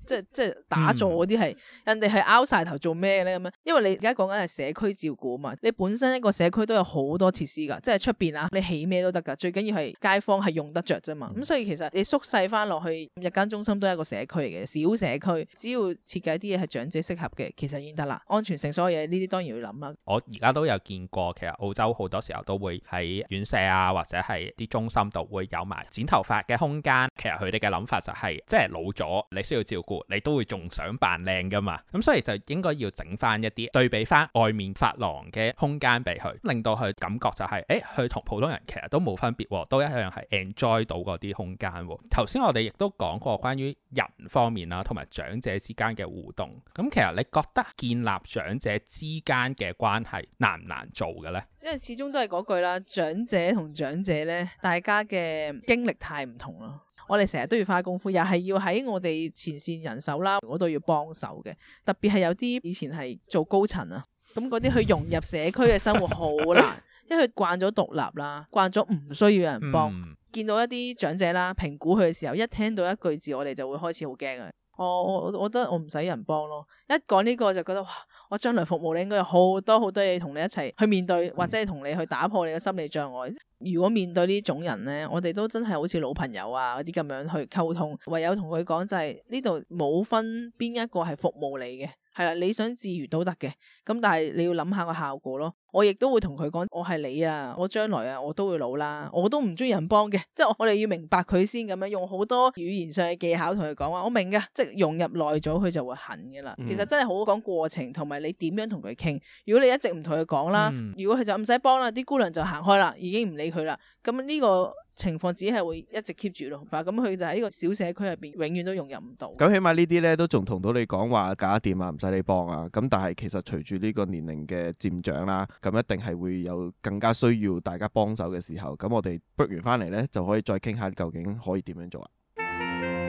即係即係打坐嗰啲係人哋係拗晒頭做咩咧咁樣？因為你而家講緊係社區照顧啊嘛，你本身一個。社區都有好多設施㗎，即係出邊啊，你起咩都得㗎，最緊要係街坊係用得着啫嘛。咁、嗯嗯、所以其實你縮細翻落去日間中心都係一個社區嚟嘅，小社區只要設計啲嘢係長者適合嘅，其實已經得啦。安全性所有嘢呢啲當然要諗啦。我而家都有見過，其實澳洲好多時候都會喺院舍啊，或者係啲中心度會有埋剪頭髮嘅空間。其實佢哋嘅諗法就係、是，即係老咗你需要照顧，你都會仲想扮靚㗎嘛。咁所以就應該要整翻一啲對比翻外面髮廊嘅空間畀。令到佢感覺就係、是，誒，佢同普通人其實都冇分別，都一樣係 enjoy 到嗰啲空間。頭先我哋亦都講過關於人方面啦，同埋長者之間嘅互動。咁、嗯、其實你覺得建立長者之間嘅關係難唔難做嘅呢？因為始終都係嗰句啦，長者同長者咧，大家嘅經歷太唔同咯。我哋成日都要花功夫，又係要喺我哋前線人手啦，我都要幫手嘅。特別係有啲以前係做高層啊。咁嗰啲去融入社區嘅生活好難， 因為佢慣咗獨立啦，慣咗唔需要人幫。嗯、見到一啲長者啦，評估佢嘅時候，一聽到一句字，我哋就會開始好驚嘅。我我我覺得我唔使人幫咯，一講呢、呢個就覺得哇，我將來服務你應該有好多好多嘢同你一齊去面對，或者係同你去打破你嘅心理障礙。如果面對呢種人咧，我哋都真係好似老朋友啊嗰啲咁樣去溝通，唯有同佢講就係呢度冇分邊一個係服務你嘅。係啦，你想自愈都得嘅，咁但係你要諗下個效果咯。我亦都會同佢講，我係你啊，我將來啊，我都會老啦，我都唔中意人幫嘅，即係我哋要明白佢先，咁樣用好多語言上嘅技巧同佢講話，我明噶，即係融入耐咗，佢就會肯噶啦。其實真係好講過程，同埋你點樣同佢傾。如果你一直唔同佢講啦，如果佢就唔使幫啦，啲姑娘就行開啦，已經唔理佢啦。咁、這、呢個。情況只係會一直 keep 住咯，咁佢就喺呢個小社區入邊，永遠都融入唔到。咁起碼呢啲呢都仲同到你講話搞掂啊，唔使你幫啊。咁但係其實隨住呢個年齡嘅漸長啦，咁一定係會有更加需要大家幫手嘅時候。咁我哋 book 完翻嚟呢，就可以再傾下究竟可以點樣做啊。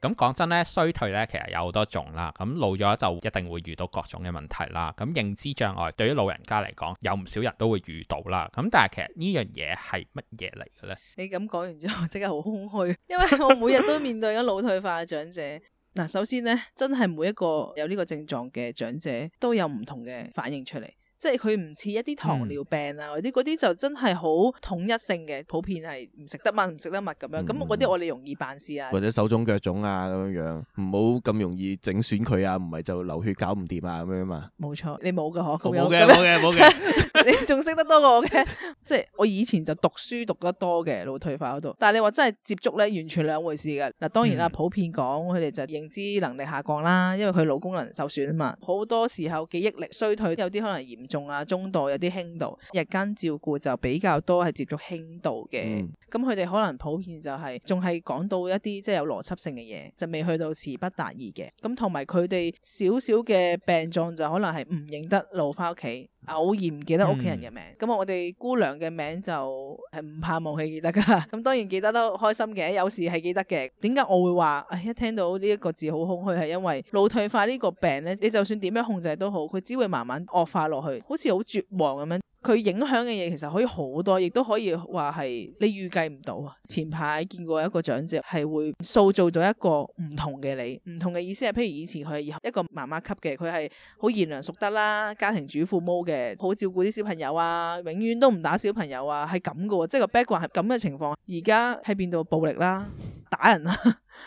咁講真咧，衰退咧其實有好多種啦。咁老咗就一定會遇到各種嘅問題啦。咁認知障礙對於老人家嚟講，有唔少人都會遇到啦。咁但係其實呢樣嘢係乜嘢嚟嘅咧？你咁講完之後，即刻好空虛，因為我每日都面對緊腦退化嘅長者。嗱， 首先咧，真係每一個有呢個症狀嘅長者都有唔同嘅反應出嚟。即係佢唔似一啲糖尿病啊，或者嗰啲就真係好統一性嘅，普遍係唔食得乜，唔食得乜咁樣。咁啲我哋容易辦事啊，或者手腫腳腫啊咁樣樣，唔好咁容易整損佢啊，唔係就流血搞唔掂啊咁樣嘛。冇錯，你冇噶可。冇嘅，冇嘅，冇嘅。 你仲識得多過我嘅， 即係我以前就讀書讀得多嘅腦退化嗰度。但係你話真係接觸咧，完全兩回事㗎。嗱，當然啦，嗯、普遍講佢哋就認知能力下降啦，因為佢腦功能受損啊嘛。好多時候記憶力衰退，有啲可能嚴重啊，中度有啲輕度。日間照顧就比較多係接觸輕度嘅，咁佢哋可能普遍就係仲係講到一啲即係有邏輯性嘅嘢，就未去到詞不達意嘅。咁同埋佢哋少少嘅病狀就可能係唔認得路翻屋企，偶然唔記得、嗯。屋企、嗯、人嘅名，咁我哋姑娘嘅名就係唔怕忘記記得噶，咁 當然記得都開心嘅，有時係記得嘅。點解我會話？哎，一聽到呢一個字好空虛，係因為腦退化呢個病咧，你就算點樣控制都好，佢只會慢慢惡化落去，好似好絕望咁樣。佢影響嘅嘢其實可以好多，亦都可以話係你預計唔到啊！前排見過一個長者係會塑造咗一個唔同嘅你，唔同嘅意思係，譬如以前佢係一個媽媽級嘅，佢係好賢良淑德啦，家庭主婦毛嘅，好照顧啲小朋友啊，永遠都唔打小朋友啊，係咁嘅喎，即係個 background 係咁嘅情況，而家係變到暴力啦，打人啦。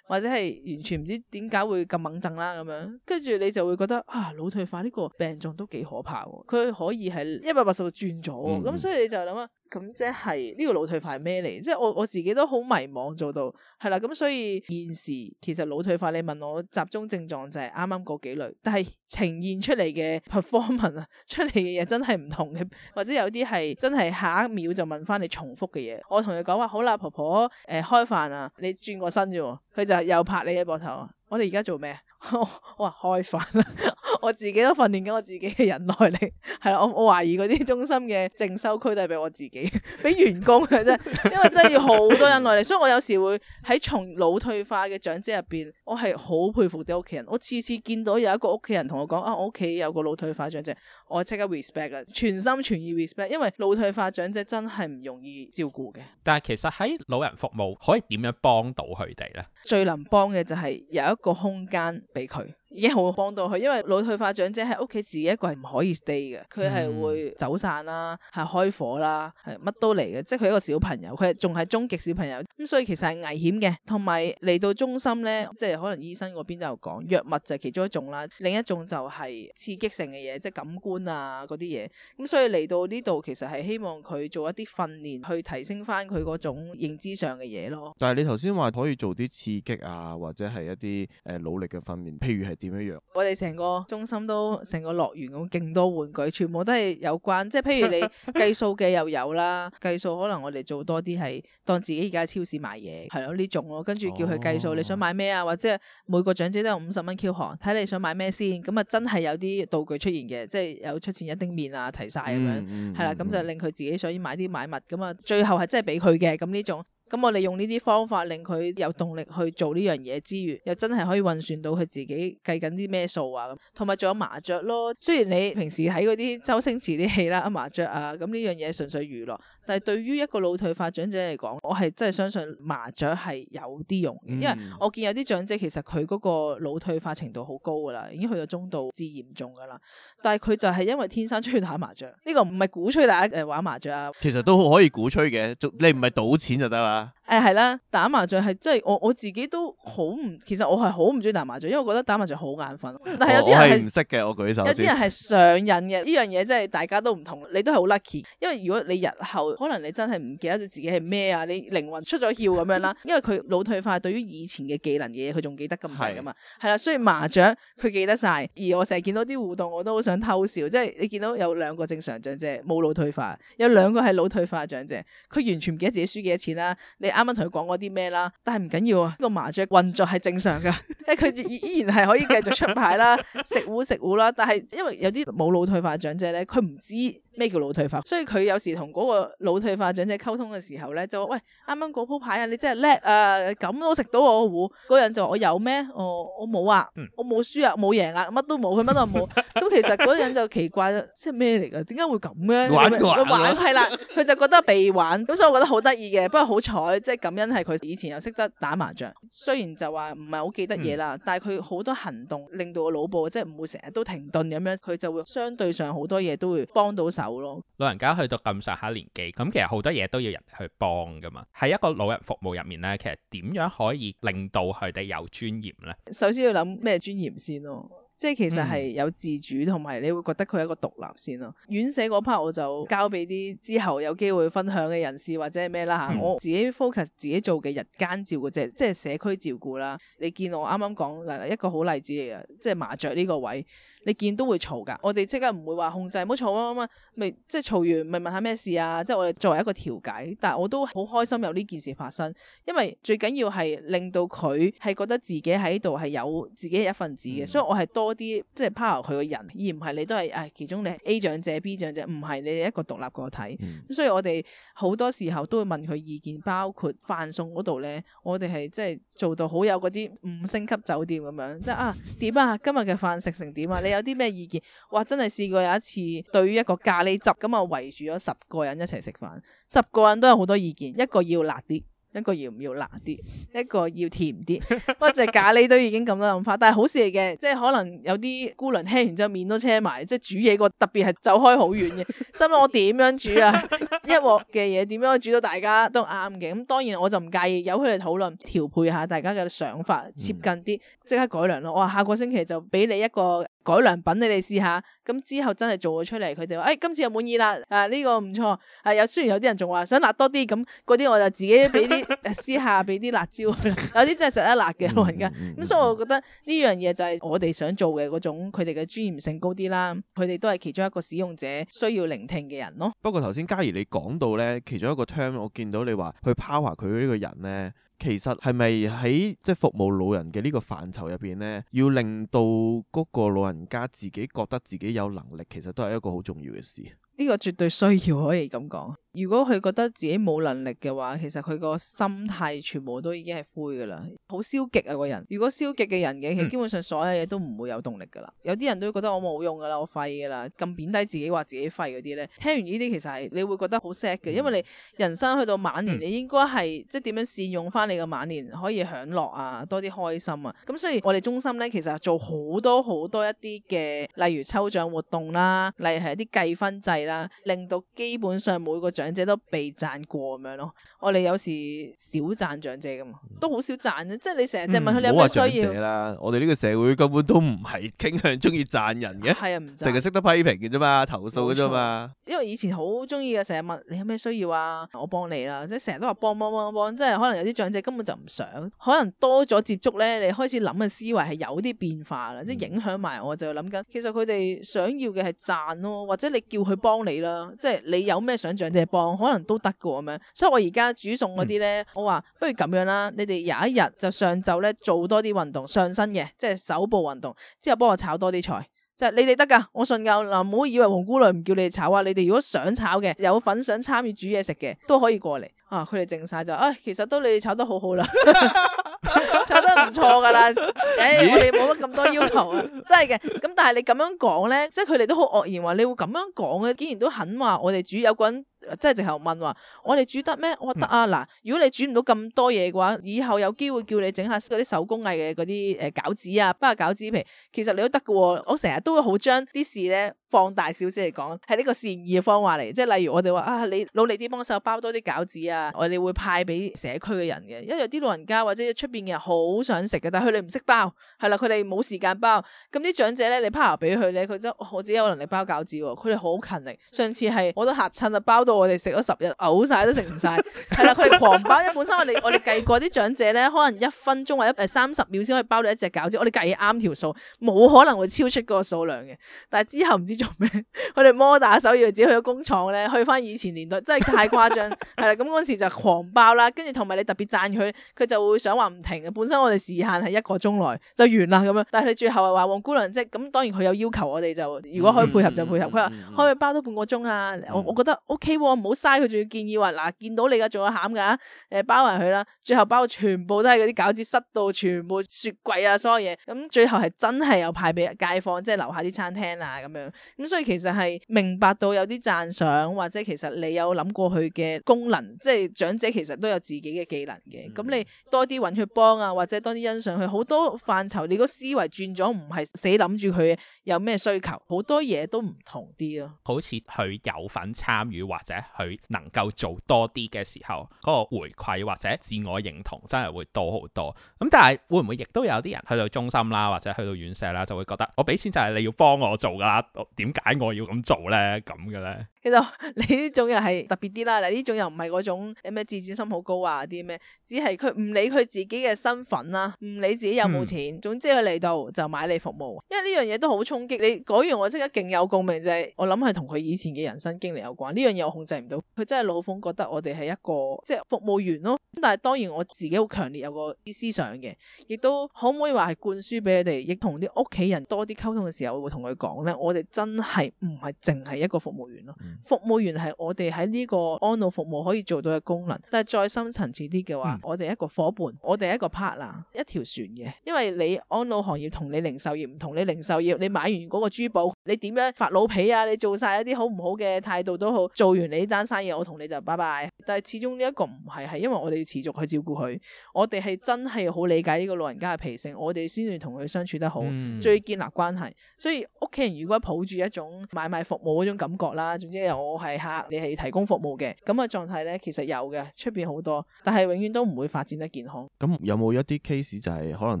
或者係完全唔知點解會咁猛震啦咁樣，跟住你就會覺得啊腦退化呢個病狀都幾可怕，佢可以係一百八十度轉咗，咁、嗯嗯、所以你就諗啊，咁即係呢個腦退化係咩嚟？即係我我自己都好迷茫做到係啦，咁所以現時其實腦退化你問我集中症狀就係啱啱嗰幾類，但係呈現出嚟嘅 performance 出嚟嘅嘢真係唔同嘅，或者有啲係真係下一秒就問翻你重複嘅嘢，我同你講話好啦，婆婆誒、呃、開飯啦，你轉過身啫，佢就又拍你嘅膊頭，我哋而家做咩？我話開飯啦， 我自己都訓練緊我自己嘅忍耐力，係啦，我我懷疑嗰啲中心嘅靜修區都係俾我自己，俾 員工嘅啫，因為真係要好多忍耐力，所以我有時會喺從腦退化嘅長者入邊，我係好佩服啲屋企人，我次次見到有一個屋企人同我講啊，我屋企有個腦退化長者，我即刻 respect 啊，全心全意 respect，因為腦退化長者真係唔容易照顧嘅。但係其實喺老人服務可以點樣幫到佢哋咧？最能幫嘅就係有一個空間。俾佢。已經好幫到佢，因為腦退化長者喺屋企自己一個係唔可以 stay 嘅，佢係會走散啦，係、嗯、開火啦，係乜都嚟嘅，即係佢一個小朋友，佢仲係終極小朋友，咁、嗯、所以其實係危險嘅。同埋嚟到中心咧，即係可能醫生嗰邊都有講，藥物就係其中一種啦，另一種就係刺激性嘅嘢，即係感官啊嗰啲嘢。咁、嗯、所以嚟到呢度其實係希望佢做一啲訓練，去提升翻佢嗰種認知上嘅嘢咯。但係你頭先話可以做啲刺激啊，或者係一啲誒腦力嘅訓練，譬如係。點樣？我哋成個中心都成個樂園咁，勁多玩具，全部都係有關。即係譬如你計數嘅又有啦， 計數可能我哋做多啲係當自己而家喺超市買嘢，係咯呢種咯。跟住叫佢計數，哦、你想買咩啊？或者每個長者都有五十蚊 Q 行睇你想買咩先。咁啊，真係有啲道具出現嘅，即係有出前一丁麵啊，提晒咁樣，係啦、嗯，咁、嗯、就令佢自己想買啲買物。咁啊、嗯，嗯、最後係真係俾佢嘅咁呢種。咁我利用呢啲方法令佢有動力去做呢樣嘢之餘，又真係可以運算到佢自己計緊啲咩數啊，同埋仲有麻雀咯。雖然你平時睇嗰啲周星馳啲戲啦、啊麻雀啊，咁呢樣嘢純粹娛樂。但係對於一個腦退化長者嚟講，我係真係相信麻雀係有啲用，因為我見有啲長者其實佢嗰個腦退化程度好高㗎啦，已經去到中度至嚴重㗎啦。但係佢就係因為天生鍾意打麻雀，呢個唔係鼓吹大家誒玩麻雀啊，其實都可以鼓吹嘅，你唔係賭錢就得啦。誒係啦，打麻雀係即係我我自己都好唔，其實我係好唔中意打麻雀，因為我覺得打麻雀好眼瞓。但係有啲人係唔識嘅，我舉手。有啲人係上癮嘅，呢樣嘢真係大家都唔同，你都係好 lucky。因為如果你日後可能你真係唔記得咗自己係咩啊，你靈魂出咗竅咁樣啦。 因為佢腦退化，對於以前嘅技能嘢佢仲記得咁滯噶嘛。係啦是，所以麻雀佢記得晒，而我成日見到啲互動我都好想偷笑，即係你見到有兩個正常長者冇腦退化，有兩個係腦退化長者，佢完全唔記得自己輸幾多錢啦，你啱啱同佢講過啲咩啦？但係唔緊要啊，這個麻雀運作係正常嘅，即係佢依然係可以繼續出牌啦， 食糊食糊啦。但係因為有啲冇腦退化長者咧，佢唔知咩叫腦退化，所以佢有時同嗰個腦退化長者溝通嘅時候咧，就話：喂，啱啱嗰鋪牌啊，你真係叻啊！咁我食到我個糊，嗰人就話我有咩、哦？我冇啊，我冇輸啊，冇贏啊，乜、啊、都冇，佢乜都冇。咁 其實嗰人就奇怪，即係咩嚟㗎？點解會咁嘅玩了？玩係啦，佢玩了 就覺得被玩，咁所以我覺得好得意嘅。不過好彩。即係感恩係佢以前又識得打麻將，雖然就話唔係好記得嘢啦，嗯、但係佢好多行動令到個腦部即係唔會成日都停頓咁樣，佢就會相對上好多嘢都會幫到手咯。老人家去到咁上下年紀，咁其實好多嘢都要人去幫㗎嘛。喺一個老人服務入面咧，其實點樣可以令到佢哋有尊嚴咧？首先要諗咩尊嚴先咯。即係其實係有自主同埋，嗯、你會覺得佢係一個獨立先咯。院舍嗰 part 我就交俾啲之後有機會分享嘅人士或者係咩啦嚇。嗯、我自己 focus 自己做嘅日間照顧即係即係社區照顧啦。你見我啱啱講，嗱一個好例子嚟㗎，即係麻雀呢個位。你見都會嘈㗎，我哋即刻唔會話控制，唔好嘈啊嘛，咪即係嘈完咪問下咩事啊？即係我哋作為一個調解，但我都好開心有呢件事發生，因為最緊要係令到佢係覺得自己喺度係有自己一份子嘅，所以我係多啲即係 power 佢個人，而唔係你都係誒、哎、其中你 A 長者 B 長者，唔係你一個獨立個體。咁、嗯、所以我哋好多時候都會問佢意見，包括飯餸嗰度咧，我哋係即係做到好有嗰啲五星級酒店咁樣，即係啊點啊今日嘅飯食成點啊你？有啲咩意見？哇！真係試過有一次，對於一個咖喱汁咁啊，我圍住咗十個人一齊食飯，十個人都有好多意見，一個要辣啲，一個要唔要辣啲，一個要甜啲。不過隻咖喱都已經咁多諗法，但係好事嚟嘅，即係可能有啲姑娘聽完之後面都黐埋，即係煮嘢個特別係走開好遠嘅，心諗 我點樣煮啊？一鑊嘅嘢點樣煮到大家都啱嘅？咁當然我就唔介意，有佢哋討論調配下大家嘅想法，接近啲即刻改良咯。我話下個星期就俾你一個。改良品你哋試下，咁之後真係做咗出嚟，佢哋話，誒、哎、今次又滿意啦，啊呢、這個唔錯，啊有雖然有啲人仲話想辣多啲，咁嗰啲我就自己俾啲試下，俾啲辣椒， 有啲真係食得辣嘅老人家。咁、嗯嗯嗯、所以我覺得呢樣嘢就係我哋想做嘅嗰種，佢哋嘅尊嚴性高啲啦，佢哋都係其中一個使用者需要聆聽嘅人咯。不過頭先嘉怡你講到咧，其中一個 term，我見到你話去 power 佢呢個人咧。其實係咪喺即係服務老人嘅呢個範疇入邊咧，要令到嗰個老人家自己覺得自己有能力，其實都係一個好重要嘅事。呢個絕對需要，可以咁講。如果佢覺得自己冇能力嘅話，其實佢個心態全部都已經係灰噶啦，好消極啊個人。如果消極嘅人嘅，其實基本上所有嘢都唔會有動力噶啦。嗯、有啲人都覺得我冇用噶啦，我廢噶啦，咁貶低自己話自己廢嗰啲咧，聽完呢啲其實係你會覺得好 sad 嘅，因為你人生去到晚年，嗯、你應該係即係點樣善用翻你嘅晚年，可以享樂啊，多啲開心啊。咁所以我哋中心咧，其實做好多好多一啲嘅，例如抽獎活動啦，例如係一啲計分制啦，令到基本上每個長長者都被讚過咁樣咯，我哋有時少讚長者咁，都好少讚，即係你成日即係問佢有咩需要啦、嗯。我哋呢個社會根本都唔係傾向中意讚人嘅，係啊，淨係識得批評嘅啫嘛，投訴嘅啫嘛。因為以前好中意嘅，成日問你有咩需要啊，我幫你啦。即係成日都話幫幫幫幫，即係可能有啲長者根本就唔想，可能多咗接觸咧，你開始諗嘅思維係有啲變化啦，即係影響埋我就諗緊。嗯、其實佢哋想要嘅係讚咯，或者你叫佢幫你啦，即係你有咩想長者？可能都得嘅咁樣，所以我而家煮餸嗰啲咧，嗯、我話不如咁樣啦，你哋有一日就上晝咧做多啲運動，上身嘅，即係手部運動，之後幫我炒多啲菜，就係、你哋得噶，我信教嗱，唔好以為王姑娘唔叫你哋炒啊，你哋如果想炒嘅，有份想參與煮嘢食嘅，都可以過嚟。啊！佢哋靜晒就誒，其實都你哋炒得好好啦， 炒得唔錯噶啦。誒、哎，欸、我哋冇乜咁多要求啊，真係嘅。咁但係你咁樣講咧，即係佢哋都好愕然話，你會咁樣講嘅？竟然都肯話我哋煮有個人，即係直頭問話我哋煮得咩？我覺得啊！嗱，如果你煮唔到咁多嘢嘅話，以後有機會叫你整下嗰啲手工藝嘅嗰啲誒餃子啊，包下餃子皮，其實你都得嘅，啊。我成日都會好將啲事咧放大少少嚟講，係呢個善意嘅方法嚟。即係例如我哋話啊，你努力啲幫手包多啲餃子啊！我哋會派俾社區嘅人嘅，因為有啲老人家或者出邊嘅人好想食嘅，但係佢哋唔識包，係啦，佢哋冇時間包。咁啲長者咧，你派俾佢咧，佢都我自己有能力包餃子，佢哋好勤力。上次係我都吓親啊，包到我哋食咗十日，嘔晒都食唔晒。係啦， 佢哋狂包，因為本身我哋 我哋計過啲長者咧，可能一分鐘或者三十秒先可以包到一隻餃子。我哋計啱條數，冇可能會超出嗰個數量嘅。但係之後唔知做咩，佢哋摩打手，以為自己去咗工廠咧，去翻以前年代，真係太誇張。係啦，咁時就狂包啦，跟住同埋你特別讚佢，佢就會想話唔停。本身我哋時限係一個鐘內就完啦咁樣。但係佢最後話黃姑娘，即咁，當然佢有要求我，我哋就如果可以配合就配合。佢話、嗯嗯嗯、可，可以包多半個鐘啊？我、嗯、我覺得 O K，唔好嘥佢，仲要建議話嗱，見到你噶仲有餡噶，誒包埋佢啦。最後包全部都係嗰啲餃子塞到全部雪櫃啊，所有嘢。咁最後係真係有派俾街坊，即係樓下啲餐廳啦、啊、咁樣。咁所以其實係明白到有啲讚賞，或者其實你有諗過佢嘅功能，即長者其實都有自己嘅技能嘅，咁、嗯、你多啲揾佢幫啊，或者多啲欣賞佢，好多範疇，你個思維轉咗，唔係死諗住佢有咩需求，多好多嘢都唔同啲咯。好似佢有份參與或者佢能夠做多啲嘅時候，嗰、那個回饋或者自我認同真係會多好多。咁但係會唔會亦都有啲人去到中心啦，或者去到院舍啦，就會覺得我俾錢就係你要幫我做噶啦，點解我要咁做呢？咁嘅呢。佢就你呢種又係特別啲啦，嗱呢種又唔係嗰種，咩自尊心好高啊啲咩，只係佢唔理佢自己嘅身份啦，唔理自己有冇錢，嗯、總之佢嚟到就買你服務，因為呢樣嘢都好衝擊你。講完我即刻勁有共鳴，就係、是、我諗係同佢以前嘅人生經歷有關。呢樣嘢我控制唔到，佢真係老奉覺得我哋係一個即係服務員咯。咁但係當然我自己好強烈有個思想嘅，亦都可唔可以話係灌輸俾佢哋，亦同啲屋企人多啲溝通嘅時候，我會同佢講咧，我哋真係唔係淨係一個服務員咯。嗯服務員係我哋喺呢個安老服務可以做到嘅功能，但係再深層次啲嘅話，嗯、我哋一個伙伴，我哋一個 partner，一條船嘅。因為你安老行業同你零售業唔同，你零售業你買完嗰個珠寶，你點樣發老皮啊？你做晒一啲好唔好嘅態度都好，做完你呢單生意，我同你就拜拜。但係始終呢一個唔係，係因為我哋要持續去照顧佢，我哋係真係好理解呢個老人家嘅脾性，我哋先至同佢相處得好，嗯、最建立關係。所以屋企人如果抱住一種買賣服務嗰種感覺啦，總之我係客，你係提供服務嘅，咁嘅狀態咧，其實有嘅，出邊好多，但係永遠都唔會發展得健康。咁有冇一啲 case 就係、是，可能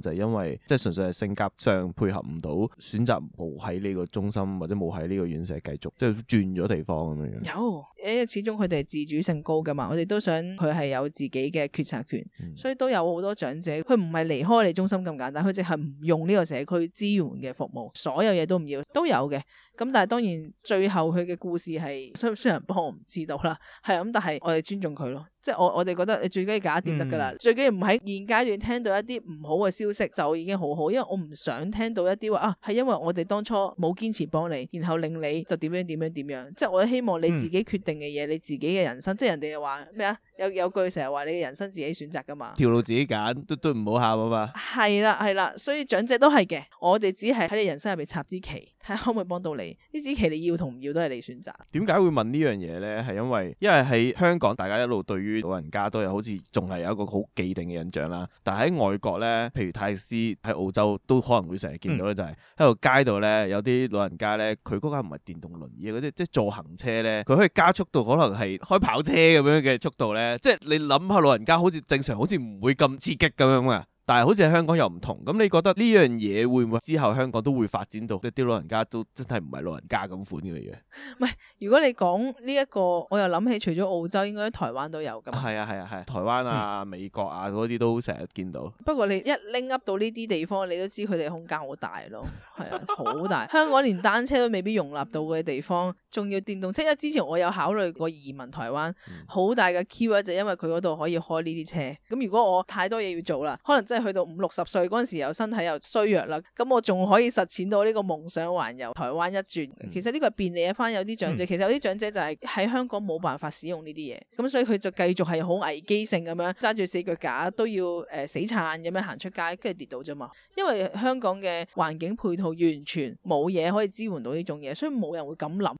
就係因為即係、就是、純粹係性格上配合唔到，選擇冇喺呢個中心或者冇喺呢個院舍繼續，即係轉咗地方咁樣。有，因始終佢哋自主性高噶嘛，我哋都想佢係有自己嘅決策權，嗯、所以都有好多長者，佢唔係離開你中心咁簡單，佢淨係唔用呢個社區支援嘅服務，所有嘢都唔要，都有嘅。咁但係當然最後佢嘅故事係。需唔需人幫我唔知道啦，係啊咁，但係我哋尊重佢咯。即係我我哋覺得你最緊要搞掂得㗎啦，最緊要唔喺、嗯、現階段聽到一啲唔好嘅消息就已經好好，因為我唔想聽到一啲話啊係因為我哋當初冇堅持幫你，然後令你就點樣點樣點樣。即係我希望你自己決定嘅嘢，嗯、你自己嘅人生。即係人哋話咩啊？有有句成日話你嘅人生自己選擇㗎嘛，條路自己揀，都都唔好喊啊嘛。係啦係啦，所以長者都係嘅，我哋只係喺你人生入面插支旗，睇下可唔可以幫到你。呢支旗你要同唔要都係你選擇。點解會問呢樣嘢咧？係因為因為喺香港大家一路對於老人家都有好似仲係有一個好既定嘅印象啦，但係喺外國咧，譬如泰斯喺澳洲都可能會成日見到咧，就係喺個街度咧，有啲老人家咧，佢嗰架唔係電動輪椅嗰啲，即係坐行車咧，佢可以加速到可能係開跑車咁樣嘅速度咧，即係你諗下老人家好似正常好似唔會咁刺激咁樣啊！但係好似喺香港又唔同，咁你覺得呢樣嘢會唔會之後香港都會發展到一啲老人家都真係唔係老人家咁款嘅嘢？唔係，如果你講呢、這、一個，我又諗起除咗澳洲，應該喺台灣都有咁。係啊係啊係、啊，台灣啊、嗯、美國啊嗰啲都成日見到。不過你一拎 up 到呢啲地方，你都知佢哋空間好大咯，係 啊，好大。香港連單車都未必容納到嘅地方，仲要電動車。因為之前我有考慮過移民台灣，好、嗯、大嘅 keyword 就因為佢嗰度可以開呢啲車。咁如果我太多嘢要做啦，可能即係去到五六十歲嗰陣時，又身體又衰弱啦，咁我仲可以實踐到呢個夢想，環遊台灣一轉。其實呢個係便利翻有啲長者，其實有啲長者就係喺香港冇辦法使用呢啲嘢，咁所以佢就繼續係好危機性咁樣揸住四腳架都要誒、呃、死撐咁樣行出街，跟住跌倒啫嘛。因為香港嘅環境配套完全冇嘢可以支援到呢種嘢，所以冇人會咁諗。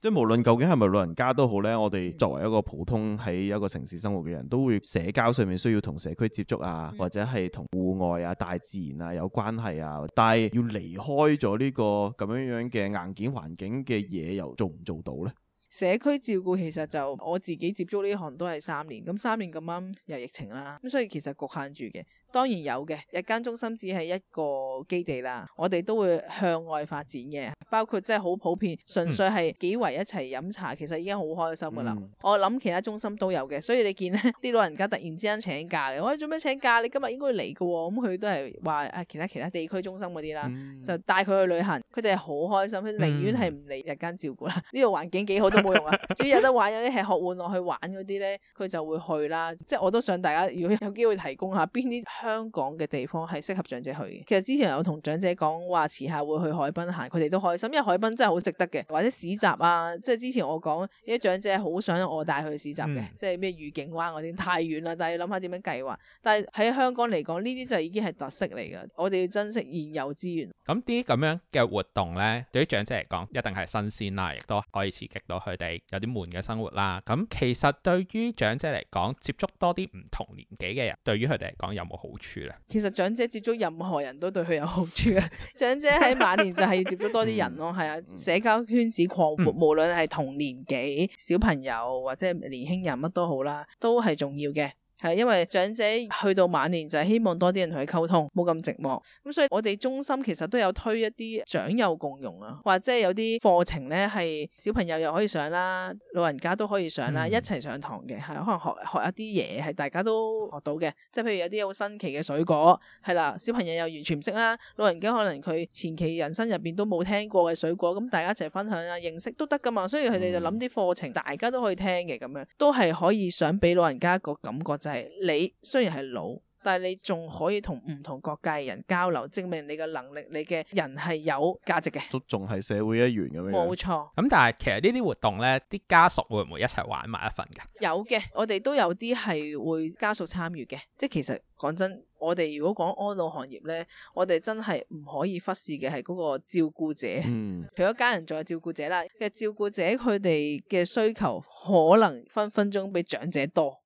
即係無論究竟係咪老人家都好咧，我哋作為一個普通喺一個城市生活嘅人都會社交上面需要同社區接觸啊，或者係同戶外啊、大自然啊有關係啊，但係要離開咗呢個咁樣樣嘅硬件環境嘅嘢，又做唔做到呢？社區照顧其實就我自己接觸呢行都係三年，咁三年咁啱有疫情啦，咁所以其實局限住嘅。當然有嘅，日間中心只係一個基地啦，我哋都會向外發展嘅，包括即係好普遍，純粹係幾圍一齊飲茶，其實已經好開心㗎喇。嗯、我諗其他中心都有嘅，所以你見呢啲老人家突然之間請假嘅，我話做咩請假？你今日應該嚟㗎喎，咁、嗯、佢都係話誒其他其他地區中心嗰啲啦，嗯、就帶佢去旅行，佢哋係好開心，佢寧願係唔嚟日間照顧啦。呢 度環境幾好都冇用啊，只要有得玩，有啲吃喝玩樂去玩嗰啲咧，佢就會去啦。即係我都想大家如果有機會提供下邊啲。香港嘅地方係適合長者去嘅。其實之前有同長者講話，遲下會去海濱行，佢哋都開心，因為海濱真係好值得嘅。或者市集啊，即係之前我講啲長者好想我帶佢去市集嘅，嗯、即係咩御景灣嗰啲太遠啦。但係要諗下點樣計劃。但係喺香港嚟講，呢啲就已經係特色嚟㗎。我哋要珍惜現有資源。咁啲咁樣嘅活動咧，對於長者嚟講，一定係新鮮啦，亦都可以刺激到佢哋有啲悶嘅生活啦。咁其實對於長者嚟講，接觸多啲唔同年紀嘅人，對於佢哋嚟講有冇好？好處啦，其實長者接觸任何人都對佢有好處嘅。 長者喺晚年就係要接觸多啲人咯、啊，係、 嗯、啊，社交圈子擴闊，嗯、無論係同年紀小朋友或者年輕人乜都好啦，都係重要嘅。係，因為長者去到晚年就係希望多啲人同佢溝通，冇咁寂寞。咁所以我哋中心其實都有推一啲長幼共融啊，或者有啲課程咧係小朋友又可以上啦，老人家都可以上啦，一齊上堂嘅，係可能學學一啲嘢，係大家都學到嘅，即係譬如有啲好新奇嘅水果係啦，小朋友又完全唔識啦，老人家可能佢前期人生入邊都冇聽過嘅水果，咁大家一齊分享啊認識都得噶嘛，所以佢哋就諗啲課程，大家都可以聽嘅咁樣，都係可以想俾老人家一個感覺、就係係你雖然係老，但係你仲可以同唔同各界人交流，證明你嘅能力，你嘅人係有價值嘅。都仲係社會一員咁樣。冇錯。咁但係其實呢啲活動呢，啲家屬會唔會一齊玩埋一份㗎？有嘅，我哋都有啲係會家屬參與嘅。即係其實講真，我哋如果講安老行業呢，我哋真係唔可以忽視嘅係嗰個照顧者。嗯。除咗家人仲有照顧者啦，其實照顧者佢哋嘅需求可能分分鐘比長者多。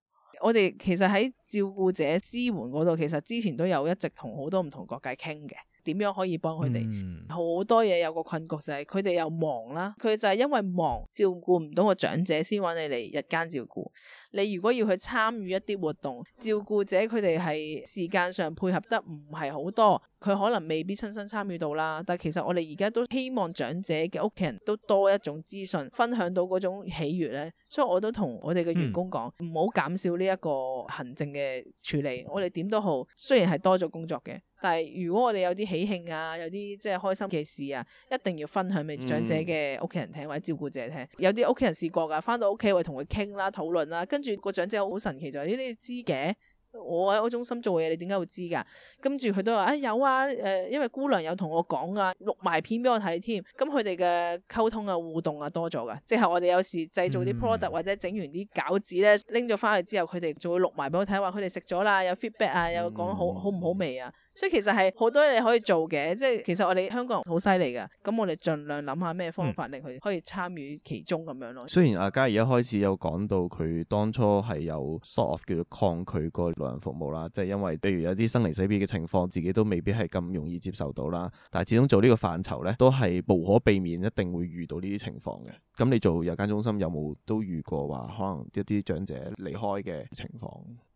我哋其實喺照顧者支援嗰度，其實之前都有一直同好多唔同國界傾嘅，點樣可以幫佢哋？嗯、好多嘢有個困局就係佢哋又忙啦，佢就係因為忙照顧唔到個長者，先揾你嚟日間照顧。你如果要去參與一啲活動，照顧者佢哋係時間上配合得唔係好多。佢可能未必親身參與到啦，但係其實我哋而家都希望長者嘅屋企人都多一種資訊分享到嗰種喜悅咧，所以我都同我哋嘅員工講，唔好減少呢一個行政嘅處理。我哋點都好，雖然係多咗工作嘅，但係如果我哋有啲喜慶啊，有啲即係開心嘅事啊，一定要分享俾長者嘅屋企人聽、嗯、或者照顧者聽。有啲屋企人試過噶，翻到屋企會同佢傾啦，討論啦，跟住、啊、個長者好神奇就話咦你知嘅？我喺嗰中心做嘢，你點解會知噶？跟住佢都話啊、哎、有啊，誒、呃，因為姑娘有同我講啊，錄埋片俾我睇添。咁佢哋嘅溝通啊、互動啊多咗噶。即係我哋有時製造啲 product 或者整完啲餃子咧，拎咗翻去之後，佢哋就會錄埋俾我睇，話佢哋食咗啦，有 feedback 啊，有講好好唔好味啊。所以其實係好多嘢可以做嘅，即係其實我哋香港人好犀利噶，咁我哋儘量諗下咩方法令佢可以參與其中咁樣咯。嗯、雖然阿嘉怡一開始有講到佢當初係有 soft 叫做抗拒過老人服務啦，即、就、係、是、因為譬如有啲生離死別嘅情況，自己都未必係咁容易接受到啦。但係始終做呢個範疇咧，都係無可避免，一定會遇到呢啲情況嘅。咁你做日間中心有冇都遇過話可能一啲長者離開嘅情況？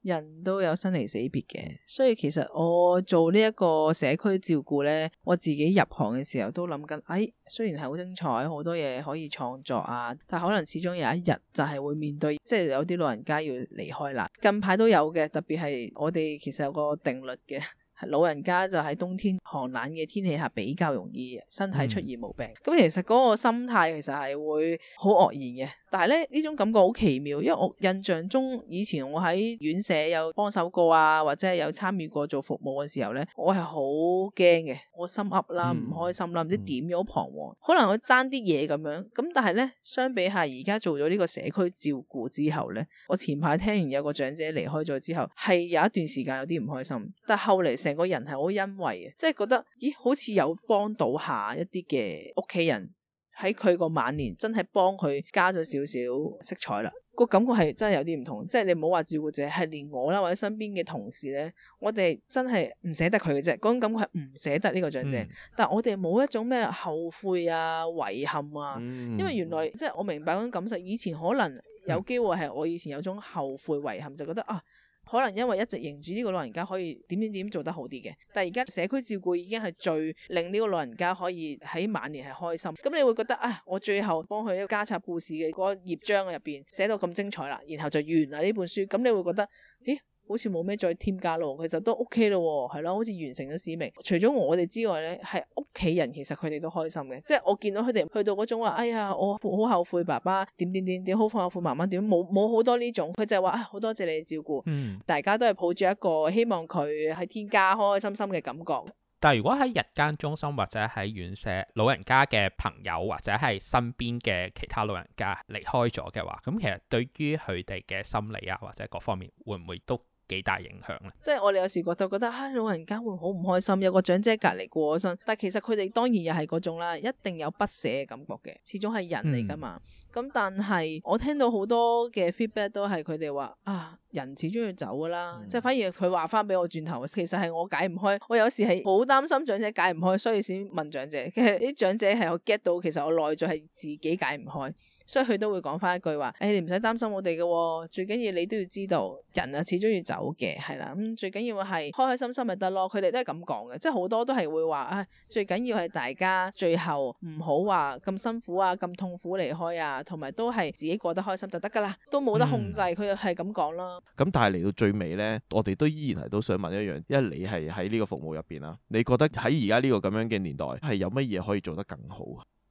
人都有生離死別嘅，所以其實我做呢一個社區照顧呢，我自己入行嘅時候都諗緊，誒、哎、雖然係好精彩，好多嘢可以創作啊，但可能始終有一日就係會面對，即係有啲老人家要離開啦。近排都有嘅，特別係我哋其實有個定律嘅。老人家就喺冬天寒冷嘅天氣下比較容易身體出現毛病，咁、嗯、其實嗰個心態其實係會好愕然嘅。但係咧，呢種感覺好奇妙，因為我印象中以前我喺院舍有幫手過啊，或者係有參與過做服務嘅時候咧，我係好驚嘅，我心 up 啦，唔開心啦，唔、嗯、知點樣彷徨，嗯、可能我爭啲嘢咁樣。咁但係咧，相比下而家做咗呢個社區照顧之後咧，我前排聽完有個長者離開咗之後，係有一段時間有啲唔開心，但後嚟。成個人係好欣慰嘅，即係覺得咦，好似有幫到下一啲嘅屋企人喺佢個晚年，真係幫佢加咗少少色彩啦。個感覺係真係有啲唔同，即係你唔好話照顧者係連我啦，或者身邊嘅同事咧，我哋真係唔捨得佢嘅啫。嗰種感覺係唔捨得呢個長者，嗯、但係我哋冇一種咩後悔啊、遺憾啊，嗯、因為原來、嗯、即係我明白嗰種感受。以前可能有機會係我以前有種後悔遺憾，就覺得啊。可能因為一直認住呢個老人家可以點點點做得好啲嘅，但而家社區照顧已經係最令呢個老人家可以喺晚年係開心。咁你會覺得啊，我最後幫佢加插故事嘅嗰個頁章入邊寫到咁精彩啦，然後就完啦呢本書。咁你會覺得咦？好似冇咩再添加咯，其實都 OK 咯，係咯、啊，好似完成咗使命。除咗我哋之外咧，係屋企人其實佢哋都開心嘅，即係我見到佢哋去到嗰種話，哎呀，我好後悔爸爸點點點點，好後悔媽媽點，冇冇好多呢種，佢就係話啊好多謝你照顧，嗯、大家都係抱住一個希望佢喺天家開開心心嘅感覺。但係如果喺日間中心或者喺院舍老人家嘅朋友或者係身邊嘅其他老人家離開咗嘅話，咁其實對於佢哋嘅心理啊或者各方面會唔會都？幾大影響咧？即係 我哋有時覺得覺得啊，老人家會好唔開心，有個長者隔籬過身，但其實佢哋當然又係嗰種啦，一定有不捨感覺嘅，始終係人嚟噶嘛。咁、嗯、但係我聽到好多嘅 feedback 都係佢哋話啊，人始終要走噶啦，嗯、即係反而佢話翻俾我轉頭，其實係我解唔開，我有時係好擔心長者解唔開，所以先問長者。其實啲長者係我 get 到，其實我內在係自己解唔開。所以佢都會講翻一句話：誒、哎，你唔使擔心我哋嘅，哦，最緊要你都要知道，人啊始終要走嘅，係啦。咁、嗯、最緊要係開開心心咪得咯。佢哋都係咁講嘅，即係好多都係會話，誒、哎，最緊要係大家最後唔好話咁辛苦啊，咁痛苦離開啊，同埋都係自己過得開心就得㗎啦，都冇得控制，佢又係咁講啦。咁、嗯、但係嚟到最尾咧，我哋都依然係都想問一樣，因為你係喺呢個服務入邊啦，你覺得喺而家呢個咁樣嘅年代係有乜嘢可以做得更好？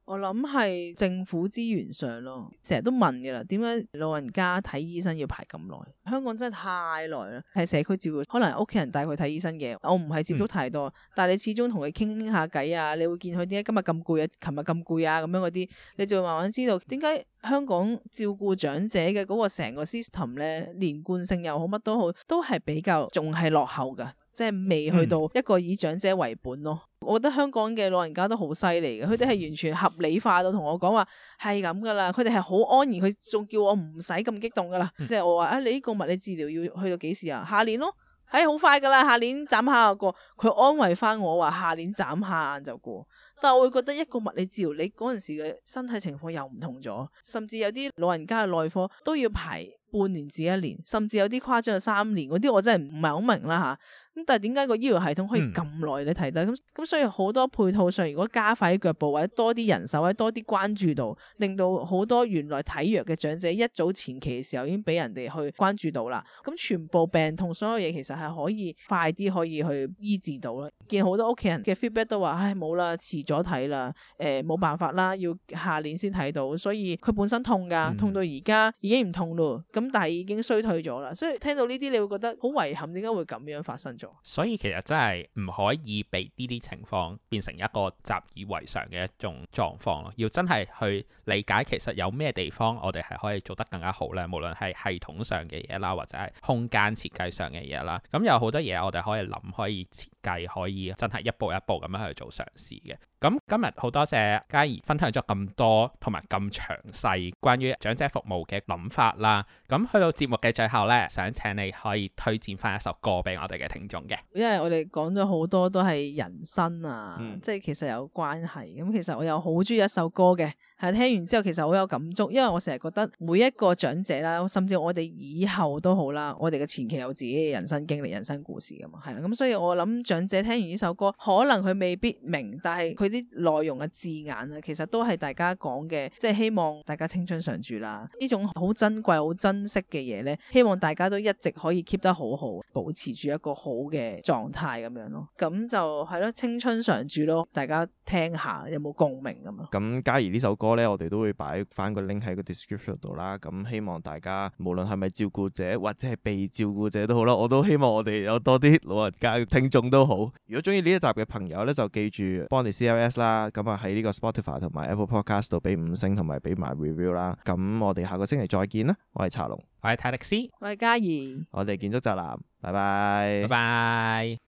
我諗係政府資源上咯，成日都問嘅啦，點解老人家睇醫生要排咁耐？香港真係太耐啦。係社區照顧，可能屋企人帶佢睇醫生嘅，我唔係接觸太多，嗯、但係你始終同佢傾傾下偈啊，你會見佢點解今日咁攰啊，琴日咁攰啊，咁樣嗰啲，你就會慢慢知道點解香港照顧長者嘅嗰個成個 system 咧，連貫性又好，乜都好，都係比較仲係落後噶。即係未去到一個以長者為本咯， 我覺得香港嘅老人家都好犀利嘅，佢哋係完全合理化到同我講話係咁噶啦，佢哋係好安然，佢仲叫我唔使咁激動噶啦。 即係我話啊，哎，你呢個物理治療要去到幾時啊？下年咯，哎，好快噶啦，下年眨下就過，佢安慰翻我話下年眨下眼就過。但係我會覺得一個物理治療，你嗰陣時嘅身體情況又唔同咗，甚至有啲老人家嘅內科都要排半年至一年，甚至有啲誇張到三年，嗰啲我真係唔係好明啦吓。咁但係點解個醫療系統可以咁耐咧睇得咁咁？嗯、所以好多配套上，如果加快啲腳步或者多啲人手，或者多啲關注到，令到好多原來體弱嘅長者一早前期嘅時候已經俾人哋去關注到啦。咁全部病痛所有嘢其實係可以快啲可以去醫治到啦。見好多屋企人嘅 feedback 都話，唉，冇啦，遲咗睇啦，誒、呃，冇辦法啦，要下年先睇到。所以佢本身痛噶，痛到而家已經唔痛咯。咁但係已經衰退咗啦。所以聽到呢啲你會覺得好遺憾，點解會咁樣發生咗？所以其實真係唔可以俾呢啲情況變成一個習以為常嘅一種狀況咯，要真係去理解其實有咩地方我哋係可以做得更加好呢？無論係系統上嘅嘢啦，或者係空間設計上嘅嘢啦，咁有好多嘢我哋可以諗，可以設計，可以真係一步一步咁樣去做嘗試嘅。咁今日好多謝嘉怡分享咗咁多同埋咁詳細關於長者服務嘅諗法啦，咁去到節目嘅最後呢，想請你可以推薦翻一首歌俾我哋嘅聽眾。因為我哋講咗好多都係人生啊，嗯、即係其實有關係。咁其實我又好中意一首歌嘅，係聽完之後其實好有感觸，因為我成日覺得每一個長者啦，甚至我哋以後都好啦，我哋嘅前期有自己嘅人生經歷，人生故事㗎嘛，係咁所以我諗長者聽完呢首歌，可能佢未必明，但係佢啲內容嘅字眼啊，其實都係大家講嘅，即係希望大家青春常駐啦。呢種好珍貴，好珍惜嘅嘢咧，希望大家都一直可以 keep 得好好，保持住一個好嘅狀態咁樣咯，咁就係咯，青春常駐咯，大家聽下有冇共鳴咁啊？咁嘉怡呢首歌咧，我哋都會擺返個 link 喺個 description 度啦。咁希望大家無論係咪照顧者或者係被照顧者都好啦，我都希望我哋有多啲老人家嘅聽眾都好。如果鍾意呢一集嘅朋友咧，就記住幫你 CLS 啦。咁啊喺呢個 Spotify 同埋 Apple Podcast 度俾五星同埋俾埋 review 啦。咁我哋下個星期再見啦，我係茶龍。我係泰勒斯。我係嘉怡。我哋建築宅男，拜拜。拜拜。